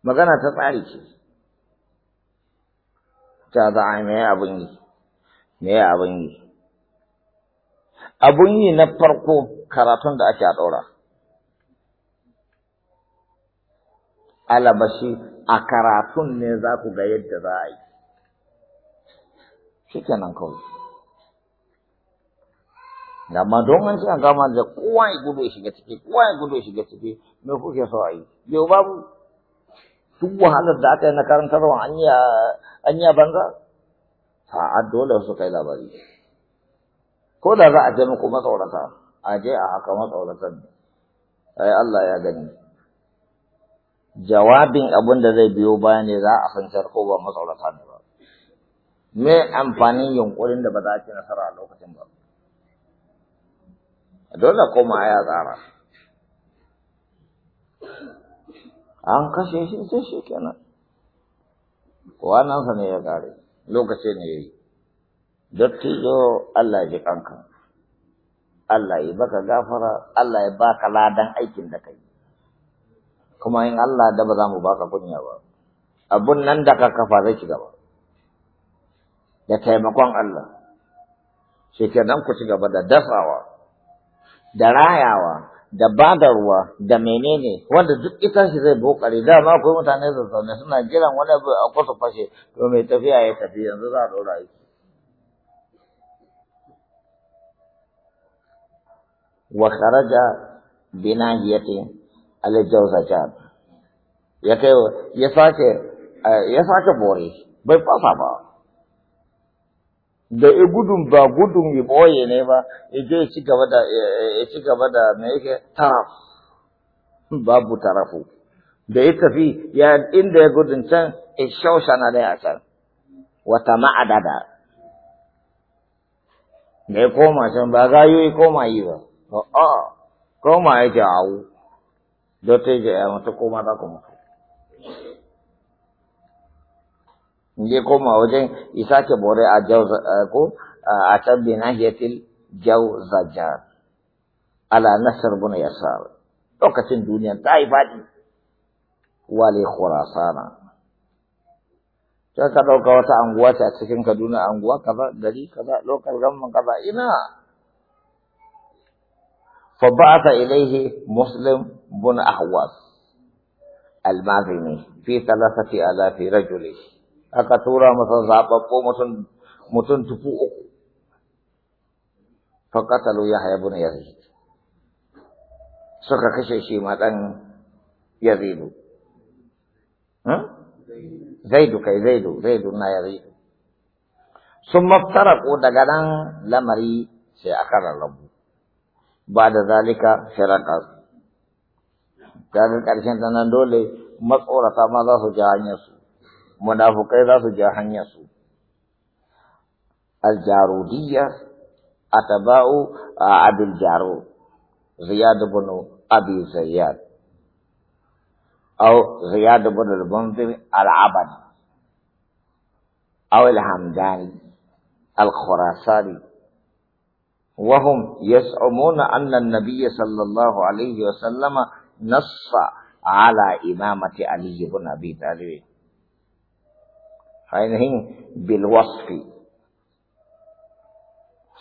magana ta tsari ce ta za a me abin yi me abin yi abun yi na farko karatun da ake a ɗora alabashi a karatun ne za ku ga yadda za a yi shi kenan kawai ma don an ce an kama da kowa ya gudu ya shiga ciki kowa ya gudu ya shiga ciki me kuke so a yi yau babu duk wahalar da aka yi na karantarwa an yi a an yi banza Sa'ad ah, dole su kai labari ko da za a je muku matsaurata a je a haka matsauratan ai Allah ya gani jawabin abin da zai biyo baya ne za a fancar ko ba matsaurata ne ba me amfanin yunkurin da ba za a ci nasara a lokacin ba dole koma ya tsara an kashe shi sai shi kenan kwanansa ne ya kare lokaci ne ya yi dattijo Allah ya ji kanka Allah ya baka gafara Allah ya baka ladan aikin da kai kuma in Allah da ba za mu baka kunya ba abun nan da ka kafa zai ci gaba da taimakon Allah Shekaran ku ci gaba da dafawa da rayawa da badarwa da menene wanda duk ita shi zai bokare ma akwai mutane da zaune suna jiran wani abu a kusa fashe to mai tafiya ya tafi yanzu za a ɗora yi. wa kharaja bi nahiyati al jawzajat ya kai ya sake ya sake bore bai fasa ba da ya gudun ba gudun ya boye ne ba ya je ci gaba da ya ci gaba da me yake taraf babu tarafu da ya tafi ya inda ya gudun can ya shaushana da ya can wata ma'adada da ya koma can ba gayo ya koma yi ba a koma yake awu don ta yi ya mata koma da kuma. لكم وجن إساك بوري أجوز أكو آه، أتب بنهية الجوز على نصر بن يسار وقت الدنيا تعيفة ولي خراسانا جاءت لو كوات أنغوة تأتسكن كدون أنغوة كذا دلي كذا لو كالغم كذا إنا فبعت إليه مسلم بن أحواس المعظمي في ثلاثة آلاف رجله aka tura masa zaɓaɓɓo mutum mutum tufu uku faƙatalu ya haya bin yazid suka kashe shi ma ɗan yazidu hmm? zaidu kai zaidu zaidu na yazidu sun ko daga nan lamari sai aka rarrabu ba da zalika firaka daga ƙarshen ta nan dole matsorata ma za su ji hanyarsu munafukai za su ja الجارودية su aljarudiyya الجارو abil jaru أبي زياد أو زياد بن المنذر العبد أو الهمداني الخراساني وهم يزعمون أن النبي صلى الله عليه وسلم نص على إمامة علي بن أبي طالب ainihin bilwasfi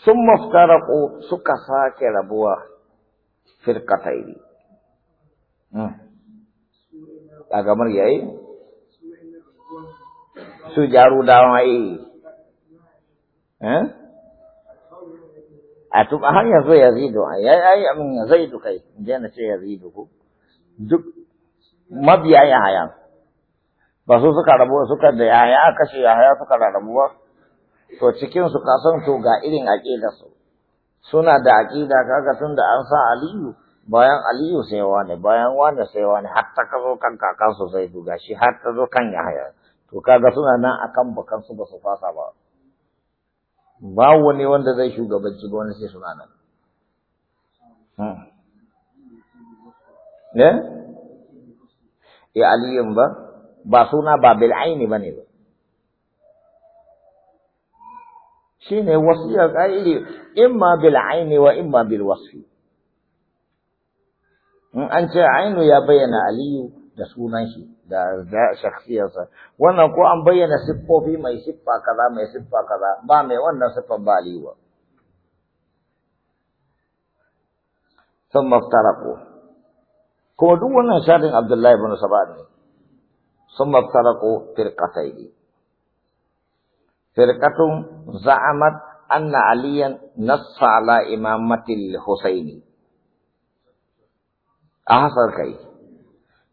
sun maftaraku suka sake rabuwa firkatairi a gamar yayi su jaru dawa yi a tun har zo ya zido a yi amin ya zaidu kai je na ce ya zido ku duk mabiya ya haya ba su suka rabu suka da yaya aka ce yaya suka rarrabu ba to cikin su san to ga irin aqida su suna da aqida kaga tun da an sa aliyu bayan aliyu sai wani bayan wani sai wani har ta kazo kan kakan su sai duga shi har ta zo kan yaya to kaga suna nan akan bakan su ba su fasa ba ba wani wanda zai shugabanci ba wani sai suna nan ne? Hmm. Eh? Ya aliyun ba? باسونا باب العين بني دو شنو وصيك ايلي اما بالعين واما بالوصف ان انت عين يا بين علي ده سونان شي ده ده شخصيه صح وانا كو ان بين سبو في ما يسبا كذا ما يسبا كذا با مي وانا سبا بالي هو ثم افترقوا كو دو وانا شادين عبد الله بن سبا ثم افترقوا فرقتين فرقة زعمت أن عليا نص على إمامة الحسين أحسن كي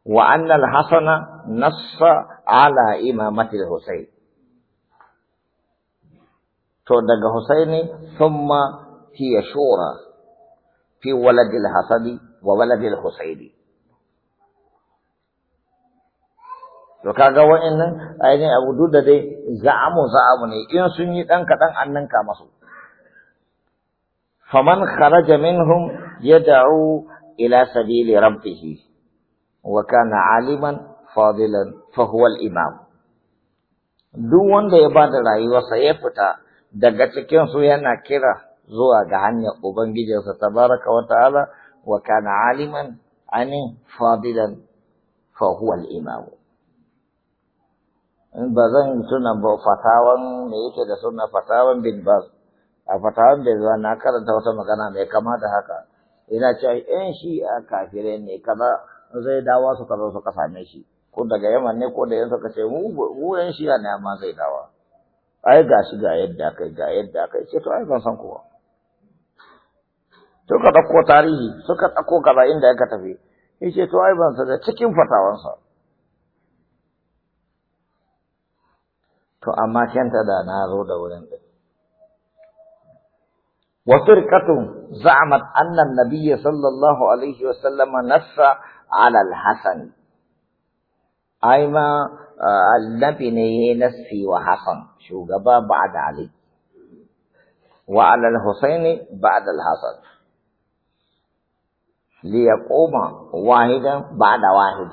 وأن الحسن نص على إمامة الحسين تودق حسين ثم هي شورى في ولد الحسن وولد الحسين to kaga wa'annan ainihin abu duk da dai za'amu za'amu ne in sun yi ɗan kaɗan an ninka masu faman kharaja minhum yad'u ila sabili rabbih wa kana aliman fadilan fa huwa al-imam duk wanda ya bada rayuwarsa ya fita daga cikin su yana kira zuwa ga hanyar ubangijinsa tabaraka wa ta'ala wa kana aliman ani fadilan fa huwa al-imam ba zan suna ba fatawan me yake da suna fatawan bin bas a fatawan bin ba na karanta wata magana mai kama da haka ina cewa yan shi a kafire ne kaza zai dawa su kaza suka same shi ko daga yaman ne ko da yan suka ce mu yan shi ne amma zai dawa ai ga shi ga yadda kai ga yadda kai ce to ai ban san kowa suka ɗauko tarihi suka ɗauko kaza inda ka tafi ce to ai ban san cikin fatawansa to amma kenta da na zo da wurin din وفرقة زعمت أن النبي صلى الله عليه وسلم نص على الحسن أيما النبي نصفي وحسن شو قبا بعد علي وعلى الحسين بعد الحسن ليقوم واحدا بعد واحد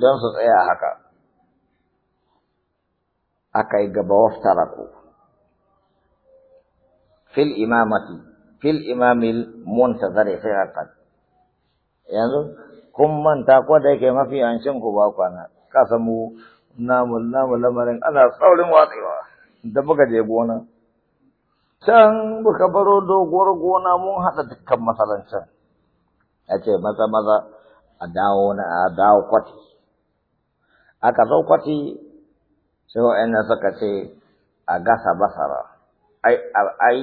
دون سطعي هكذا akai ga gaba waftaraku fil imamati fil imamil fi firaqat yanzu kun manta ko da yake mafi anshin ku ba kwana kasa mu namu namu lamarin ana saurin watsewa da muka je gona can buka baro doguwar gona mun haɗa dukkan masalancin yace ce maza maza a dawo na a dawo kwati aka zo kwati sai wa'annan suka ce a gasa basara ai ai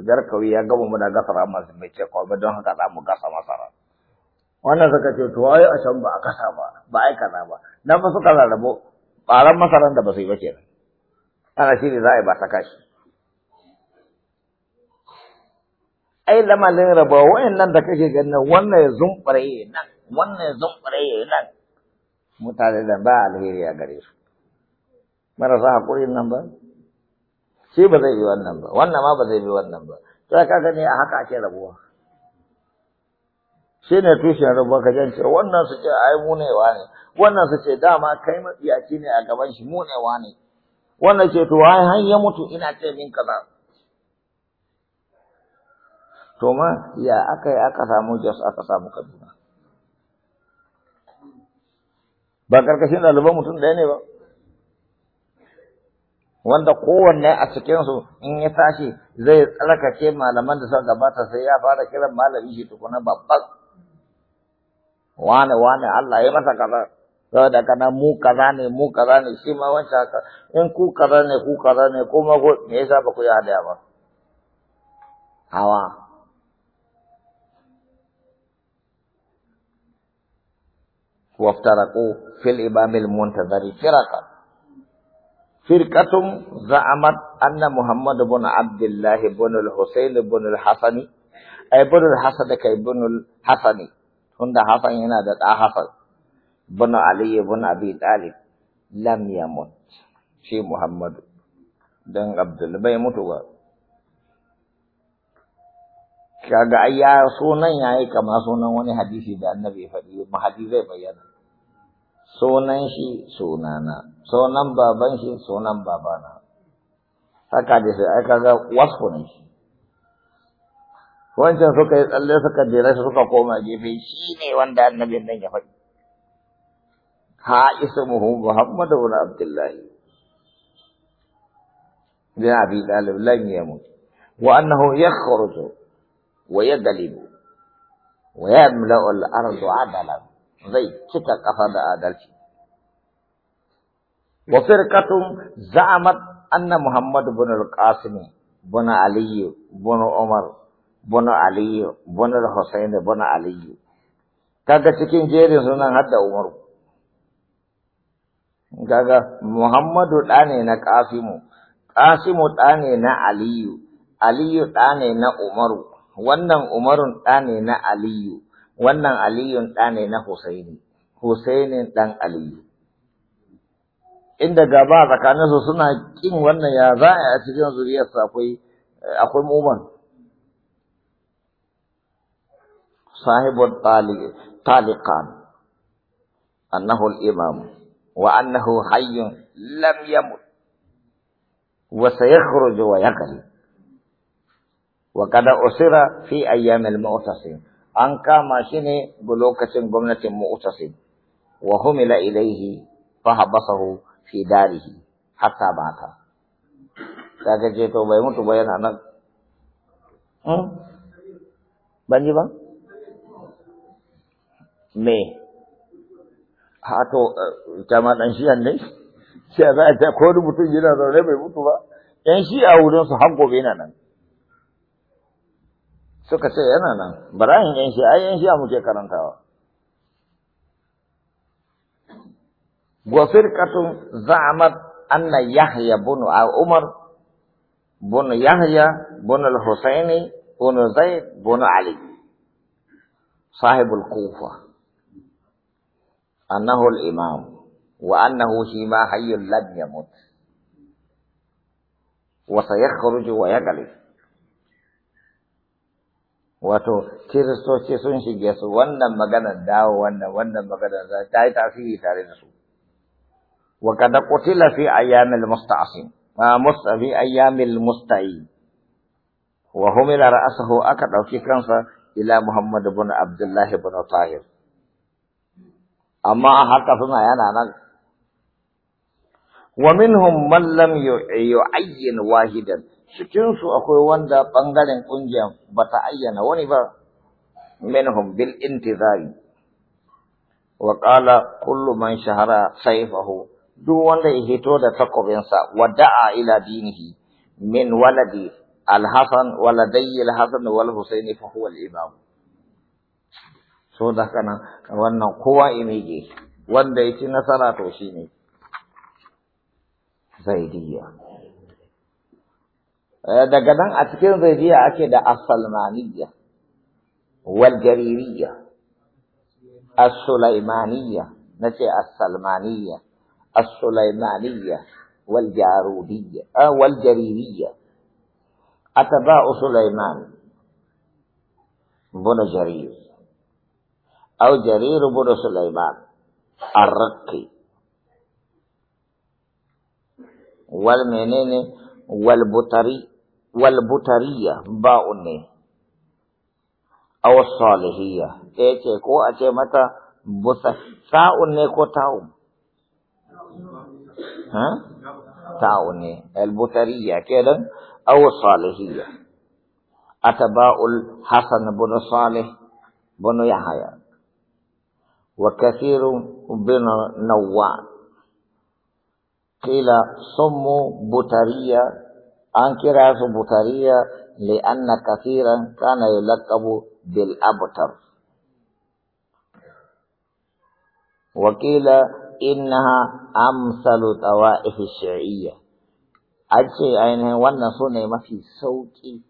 garkawi hmm, ya gaba mu da gasara masu mai ce kawai don haka za mu gasa masara wannan suka ce to wai a can ba a kasa ba ba ai kaza ba dan ba suka rarrabo baran masaran da ba su yi ba kenan ana shi ne za a yi ba ta kashi ai lamalin raba wayannan da kake ganin wannan ya zumbare nan wannan ya zumbare nan mutane da ba alheri a gare su marasa haƙurin nan ba shi ba zai yi wannan ba wannan ma ba zai bi wannan ba to ka gani a haka ake rabuwa shi ne tushen rabuwa ka jance wannan su ce ai mu ne ne wannan su ce dama kai matsiyaci ne a gaban shi mu ne ne wannan ce to ai har ya mutu ina ce min kaza to ma ya aka yi aka samu jos aka samu kaduna ba karkashin ɗaliban mutum ɗaya ne ba wanda kowanne a cikinsu in ya tashi zai tsarkake malaman da suka gabata sai ya fara kiran malami shi tukuna babban wane wane Allah ya masa kaza saboda kana mu kaza ne mu kaza ne shi ma wancan haka in ku kaza ne ku kaza ne ko ma me yasa ba ku yi hadaya ba hawa وافترقوا fil ibamil muntazari فرقا firqatum za'amat anna Muhammad ibn Abdullah ibn al-Husayn ibn al-Hasani ay ibn al-Hasan kai ibn al-Hasani tunda Hasan yana da da Hasan ibn Ali ibn Abi Talib lam yamut shi Muhammad dan Abdul bai mutu ba kaga ayya ya sunan yayi kama sunan wani hadisi da Annabi faɗi mahadi zai bayyana sunan shi sunana sunan baban shi sunan babana haka da sai aka ga wasfu ne wancan suka yi tsalle suka jira shi suka koma gefe shi ne wanda annabin nan ya faɗi ha ismuhu muhammadu ibn abdullahi bin abi talib lan yamut wa annahu yakhruju wa yadlibu wa yamla'u al-ardu adalan zai cika kafa da adalci wa firqatun za'amat anna Muhammad ibn al-Qasim ibn Ali ibn Umar ibn Ali ibn al-Husayn ibn Ali kaga cikin jerin sunan hadda Umar kaga Muhammadu da ne na Qasimu Qasimu da ne na Aliyu Aliyu da ne na Umaru wannan Umarun da ne na Aliyu wannan Aliyun da ne na Husaini Husainin dan Aliyu inda gaba tsakaninsu suna kin wannan ya za a cikin zuriyarsa akwai akwai muman sahibul talikan annahu al-imam wa annahu hayyun lam yamut wa sayakhruj wa yaqli wa kada usira fi ayyam al-mu'tasim an kama shi ne lokacin gwamnatin mu'tasim wa humila ilayhi fa habasahu fi darihi hatta mata kaga ce to bai mutu ba yana nan ban ji ba me ha to jama eh, dan shi ne shi za a ce ko mutum yana zaune bai mutu ba yan shi a wurin su har gobe yana nan suka ce yana nan barayin yan shi ai yan shi muke karantawa وفرقة زعمت أن يحيى بن عمر بن يحيى بن الحسين بن زيد بن علي صاحب الكوفة أنه الإمام وأنه شيما حي لم يموت وسيخرج ويغلب wato kiristoci sun shige su wannan maganar dawo wannan wannan maganar ta yi tasiri tare da su وقد قتل في أيام المستعصم آه، في أيام المستعين وهمل رأسه أكد أو كيكنسا إلى محمد بن عبد الله بن طاهر أما حتى ثم أنا ومنهم من لم يعين واحدا cikinsu اخوي وندا ɓangaren ƙungiyar ba ta ayyana wani ba minhum bil intizari wa duk wanda ya hito da takobinsa wada'a ila dinihi min waladi alhasan waladayyi alhasan wal husaini fa huwa al-imam so da kana wannan kowa imege wanda ya ci nasara to shine zaidiya eh, daga nan a cikin zaidiya ake da asalmaniya wal jaririya as-sulaimaniyya nace as السليمانية والجارودية آه، والجريرية أتباع سليمان بن جرير أو جرير بن سليمان الرقي والمنين والبطري والبطرية باؤني أو الصالحية تيجي إيه، كو أتي متى بثاؤني ساؤني كو تاؤم ها تعاون البطرية كده أو الصالحية أتباع الحسن بن صالح بن يحيى وكثير بن نوان قيل سموا بطرية أنكر بطرية لأن كثيرا كان يلقب بالأبتر وقيل innaha amsalu tawaifi shi'iyya an ce ainihin wannan su ne mafi sauƙi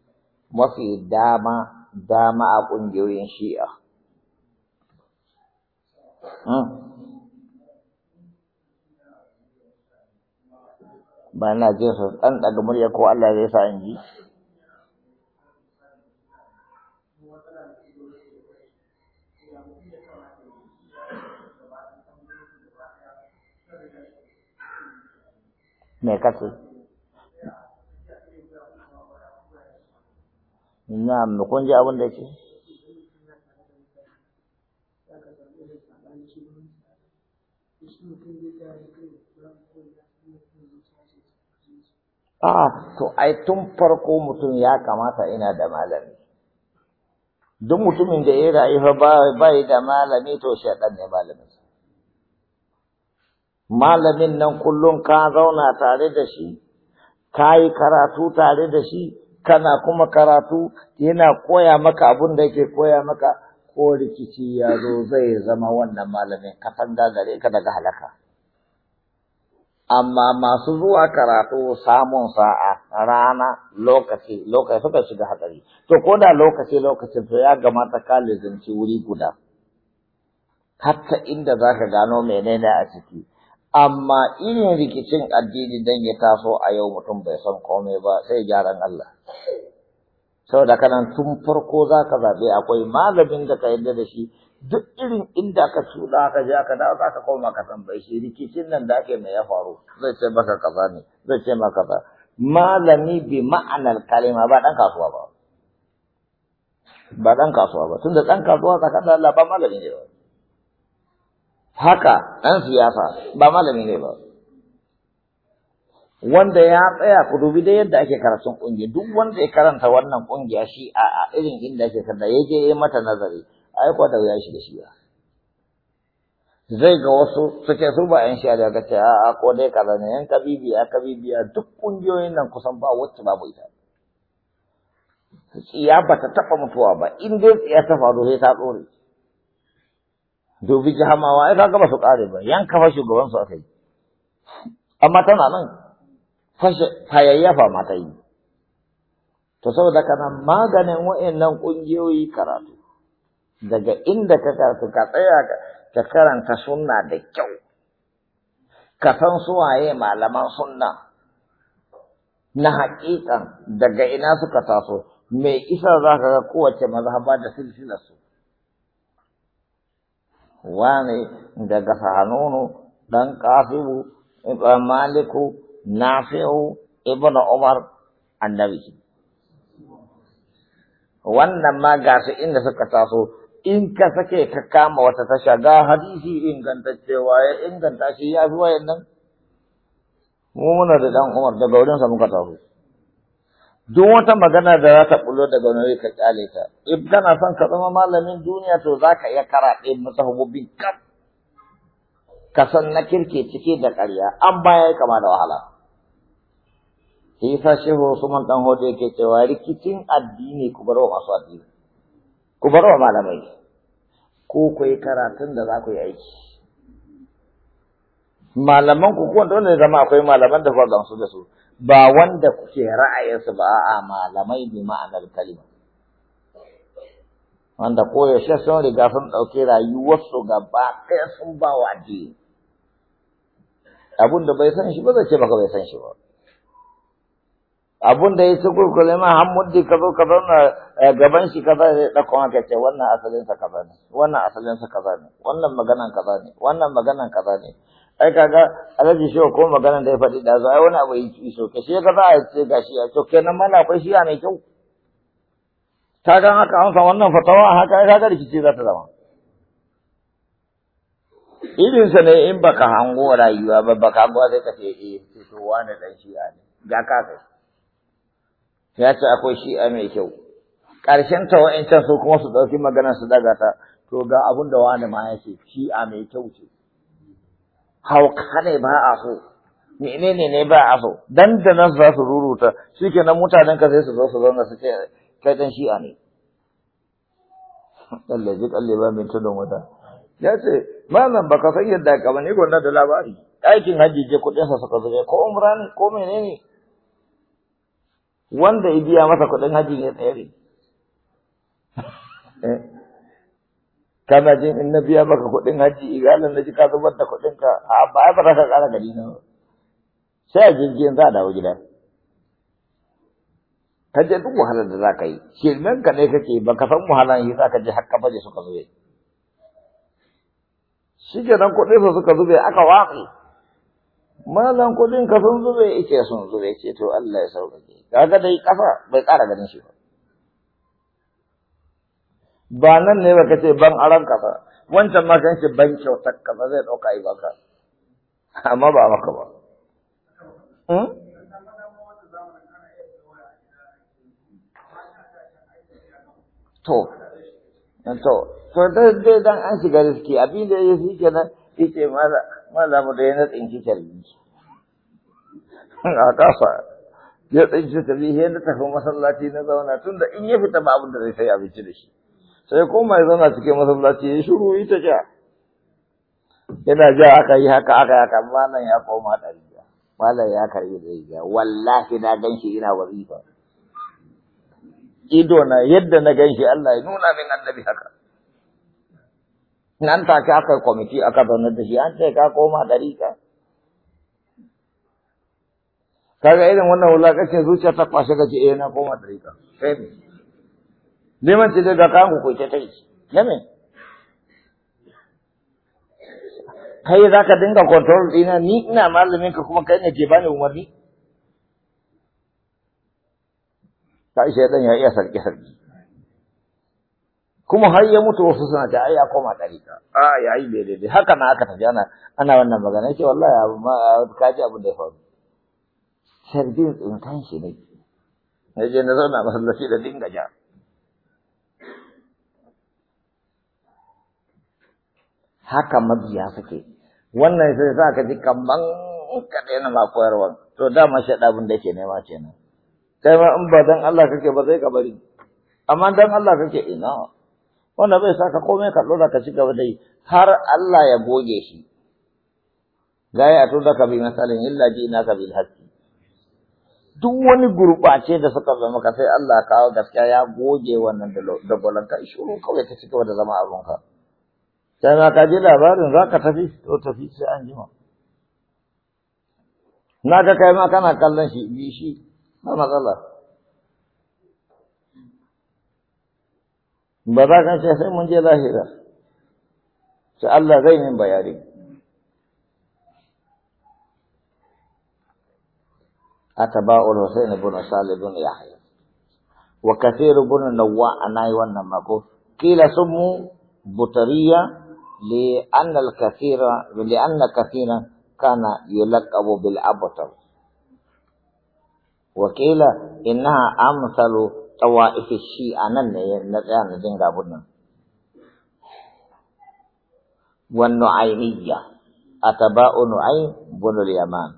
mafi dama dama a ƙungiyoyin shi'a hmm? ba na jin su ɗan daga murya ko Allah zai sa in ji me kace na mu kun ji abin da yake A'a, to ai tun farko mutum ya kamata ina da malami. Duk mutumin da ya rayu ba bai da malami to shaɗan ne malamin malamin nan kullum ka zauna tare da shi ka yi karatu tare da shi kana kuma karatu yana koya maka abun da yake koya maka ko rikici ya zo zai zama wannan malamin da gare ka daga halaka amma masu zuwa karatu samun sa'a rana lokaci lokaci suka shiga hatsari to ko da lokaci lokaci to ya gamata ka lizinci wuri guda hatta inda za ka gano menene a ciki amma irin rikicin addini dan ya taso a yau mutum bai san komai ba sai gyaran Allah saboda kana tun farko zaka zabe akwai malamin da ka yarda da shi duk irin inda ka cuda ka je aka dawo zaka koma ka tambaye shi rikicin nan da ake mai ya faru zai ce maka kaza ne zai ce maka kaza malami bi ma'anar kalima ba dan kasuwa ba ba dan kasuwa ba tunda dan kasuwa da Allah ba malami ne ba haka ɗan siyasa ba malami ne ba wanda ya tsaya ku dubi dai yadda ake karatun ƙungiya duk wanda ya karanta wannan ƙungiya shi a irin inda ake karanta ya je ya mata nazari ai ko da shi ba. zai ga wasu suke su ba yan shari'a ga ta a ko dai kaza ne yan kabibiya kabibiya duk ƙungiyoyin nan kusan ba wacce babu ita tsiya ba ta taɓa mutuwa ba in dai ya ta faru sai ta ɗore dubi jahamawa ai kaga ba su kare ba yanka fa shugaban su aka yi amma tana nan fayayyafa mata yi to saboda kana maganin wa'annan kungiyoyi karatu daga inda ka karatu ka tsaya ka karanta sunna da kyau ka san suwaye malaman sunna na haƙiƙan daga ina suka taso me isa za ka ga kowace mazhaba da silsilar su wane daga hanunu ɗan ibn maliku nafi'u ibnu umar annabi wannan ma ga su inda suka taso in ka sake ka kama wata tasha ga hadisi ingantaccewa ya inganta shi ya fi wayan nan mu muna da dan umar daga wurinsa muka taso duk wata magana da za ta bullo daga wani ka kyale ta in kana son ka zama malamin duniya to za ka iya karaɗe masa hububin kaf ka san na kirke cike da ƙarya an baya kama da wahala sai yasa shehu Usman dan hoje yake cewa rikicin addini ku bar wa masu addini ku bar wa malamai ko ku yi karatun da za ku yi aiki malaman ku kuwa dole zama akwai malaman da ba da su ba wanda kuke ra'ayinsu ba a malamai bi ma'anar kalima wanda koyaushe sun riga sun ɗauki rayuwarsu gaba kai sun ba wa addini abin da bai san shi ba zai ce baka bai san shi ba abin da ya ci kurkule ma har muddi ka zo ka zauna eh, gaban shi kaza zai ɗauko maka ce wannan asalinsa kaza ne wannan asalinsa kaza ne wannan maganan kaza ne wannan maganan kaza ne ai kaga alhaji shi ko magana da ya faɗi da zo ai wani abu yi so ka shi ka za a ce gashi a to kenan mana akwai shi a mai kyau ta ga haka an san wannan fatawa haka ai kaga rikici za ta zama irin sa ne in baka hango rayuwa ba baka hango sai ka ce eh to wani dan shi'a ne ga ka kai ya ce akwai shi a mai kyau karshen ta wa'ancan su kuma su ɗauki magana su daga ta to ga abun da wani ma ya ce a mai kyau ce hauka ne ba a so menene ne ba a so dan da nan za su ruruta nan mutanen ka sai su zo su zo su ce kai dan shi'a ne Allah ji kalle ba min tudun wata ya ce malam baka san yadda ka bane gwanna da labari aikin hajji je kudin sa suka zuge ko umra ne ko menene wanda ya biya masa kudin hajji ne tsere eh? kana jin in na biya maka kuɗin haji igalan na ji ka zubar da kuɗin ka a ba ba za ka ƙara gari na sai a jirgin za a dawo gida ka je duk wahalar da za ka yi nan ka ne kake ba ka san wahalar yi za ka je har baje suka zube shi ke nan kuɗin su suka zube aka watsi malan kuɗin ka sun zube ike sun zube ce to Allah ya sauƙaƙe kaga dai kafa bai ƙara ganin shi ba ba nan ne baka ce ban aran kafa wancan ma kan ce ban kyautar kafa zai dauka yi baka amma ba maka ba hmm? to to to da dan an shiga riski abin da ya shi kenan yace mala mala mu da yana tsinki tarbi a kasa ya tsinki tarbi yana tafi masallaci na zauna tunda in ya fita ba abin da zai sai abinci da shi sai kuma ya zauna cikin masallaci ya shiru ita ja yana ja aka yi haka aka yaka nan ya koma ɗariya malam ya karbi da riga wallahi na ganshi ina wazifa ido na yadda na ganshi Allah ya nuna min annabi haka nan take aka kwamiti aka zaune da shi an ce ka koma ka? kaga irin wannan wulakacin zuciya ta kwashe ka ce eh na koma ka' sai neman ce da kayan ku ke ta yi na me kai za ka dinga control ɗina ni ina malamin ka kuma kai ne ke bani umarni ta ishe dan ya iya sarki-sarki kuma har ya mutu wasu suna ta ai ya koma ɗarika a ya yi daidai haka na aka tafi ana ana wannan magana ce wallahi abu ma ji abin da ya faru sarkin tsinkan shi ne na je na zauna masallaci da dinga ja haka mabiya suke wannan sai za ka ji kamban ka daina ma koyarwa to dama shi abin da ke nema kenan kai ma in ba dan Allah kake ba sai ka bari amma dan Allah kake ina Wannan bai saka komai ka lura ka ci gaba dai har Allah ya goge shi gaya a da ka bi misalin illa ji ina ka bil haqqi duk wani gurɓace da suka zama ka sai Allah kawo gaskiya ya goge wannan da kai, shi kawai ka shiga da zama abunka sai ma ka ji labarin za ka tafi to tafi sai an jima na ga kai ma kana kallon shi bi shi ba matsala ba za ka ce sai mun je lahira sai Allah zai min bayani ataba'ul Husain ibn Salih ibn Yahya wa kathir ibn Nawwa anai wannan mako kila sumu butariya لأن الكثير لأن كثيرا كان يلقب بالأبطل وقيل إنها أمثل طوائف الشيعة نتعلم جنجا بنا والنعيمية أتباع نعيم بن اليمان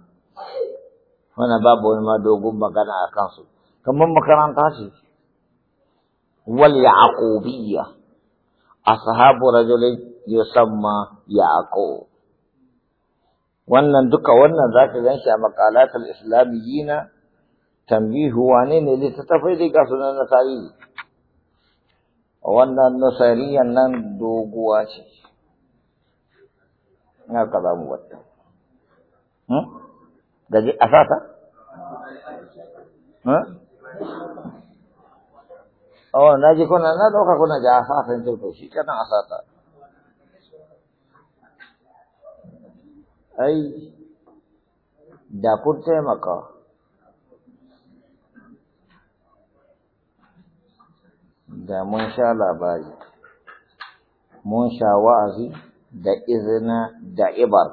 هنا باب ما دوغم كان أكانسو كم كان تاسي واليعقوبية أصحاب رجل yusamma yaqub wannan duka wannan zaka ganshi a maqalatul islamiyina tambihu wane ne tafai da ga sunan nasari wannan nasariyan nan doguwa ce na ka mu wata hmm? gaji asata? sata hmm? Oh, na kuna na ɗauka kuna ja a in to shi kana a ai da kun taimaka da mun sha labari mun sha wa'azi da izina da ibar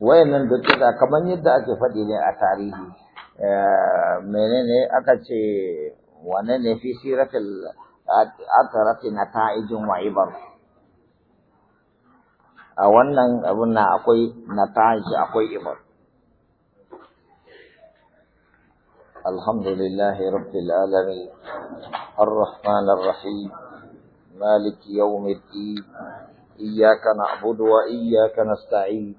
wayannan duk da kamar yadda ake faɗi ne a tarihi eh, menene aka ce wane ne fi siratul atarati nata'ijin wa ibar a wannan abin na akwai na akwai imar alhamdulillahi rabbil alami ar-rahman ar-rahim maliki yawmiddin iyyaka na'budu wa iyyaka nasta'in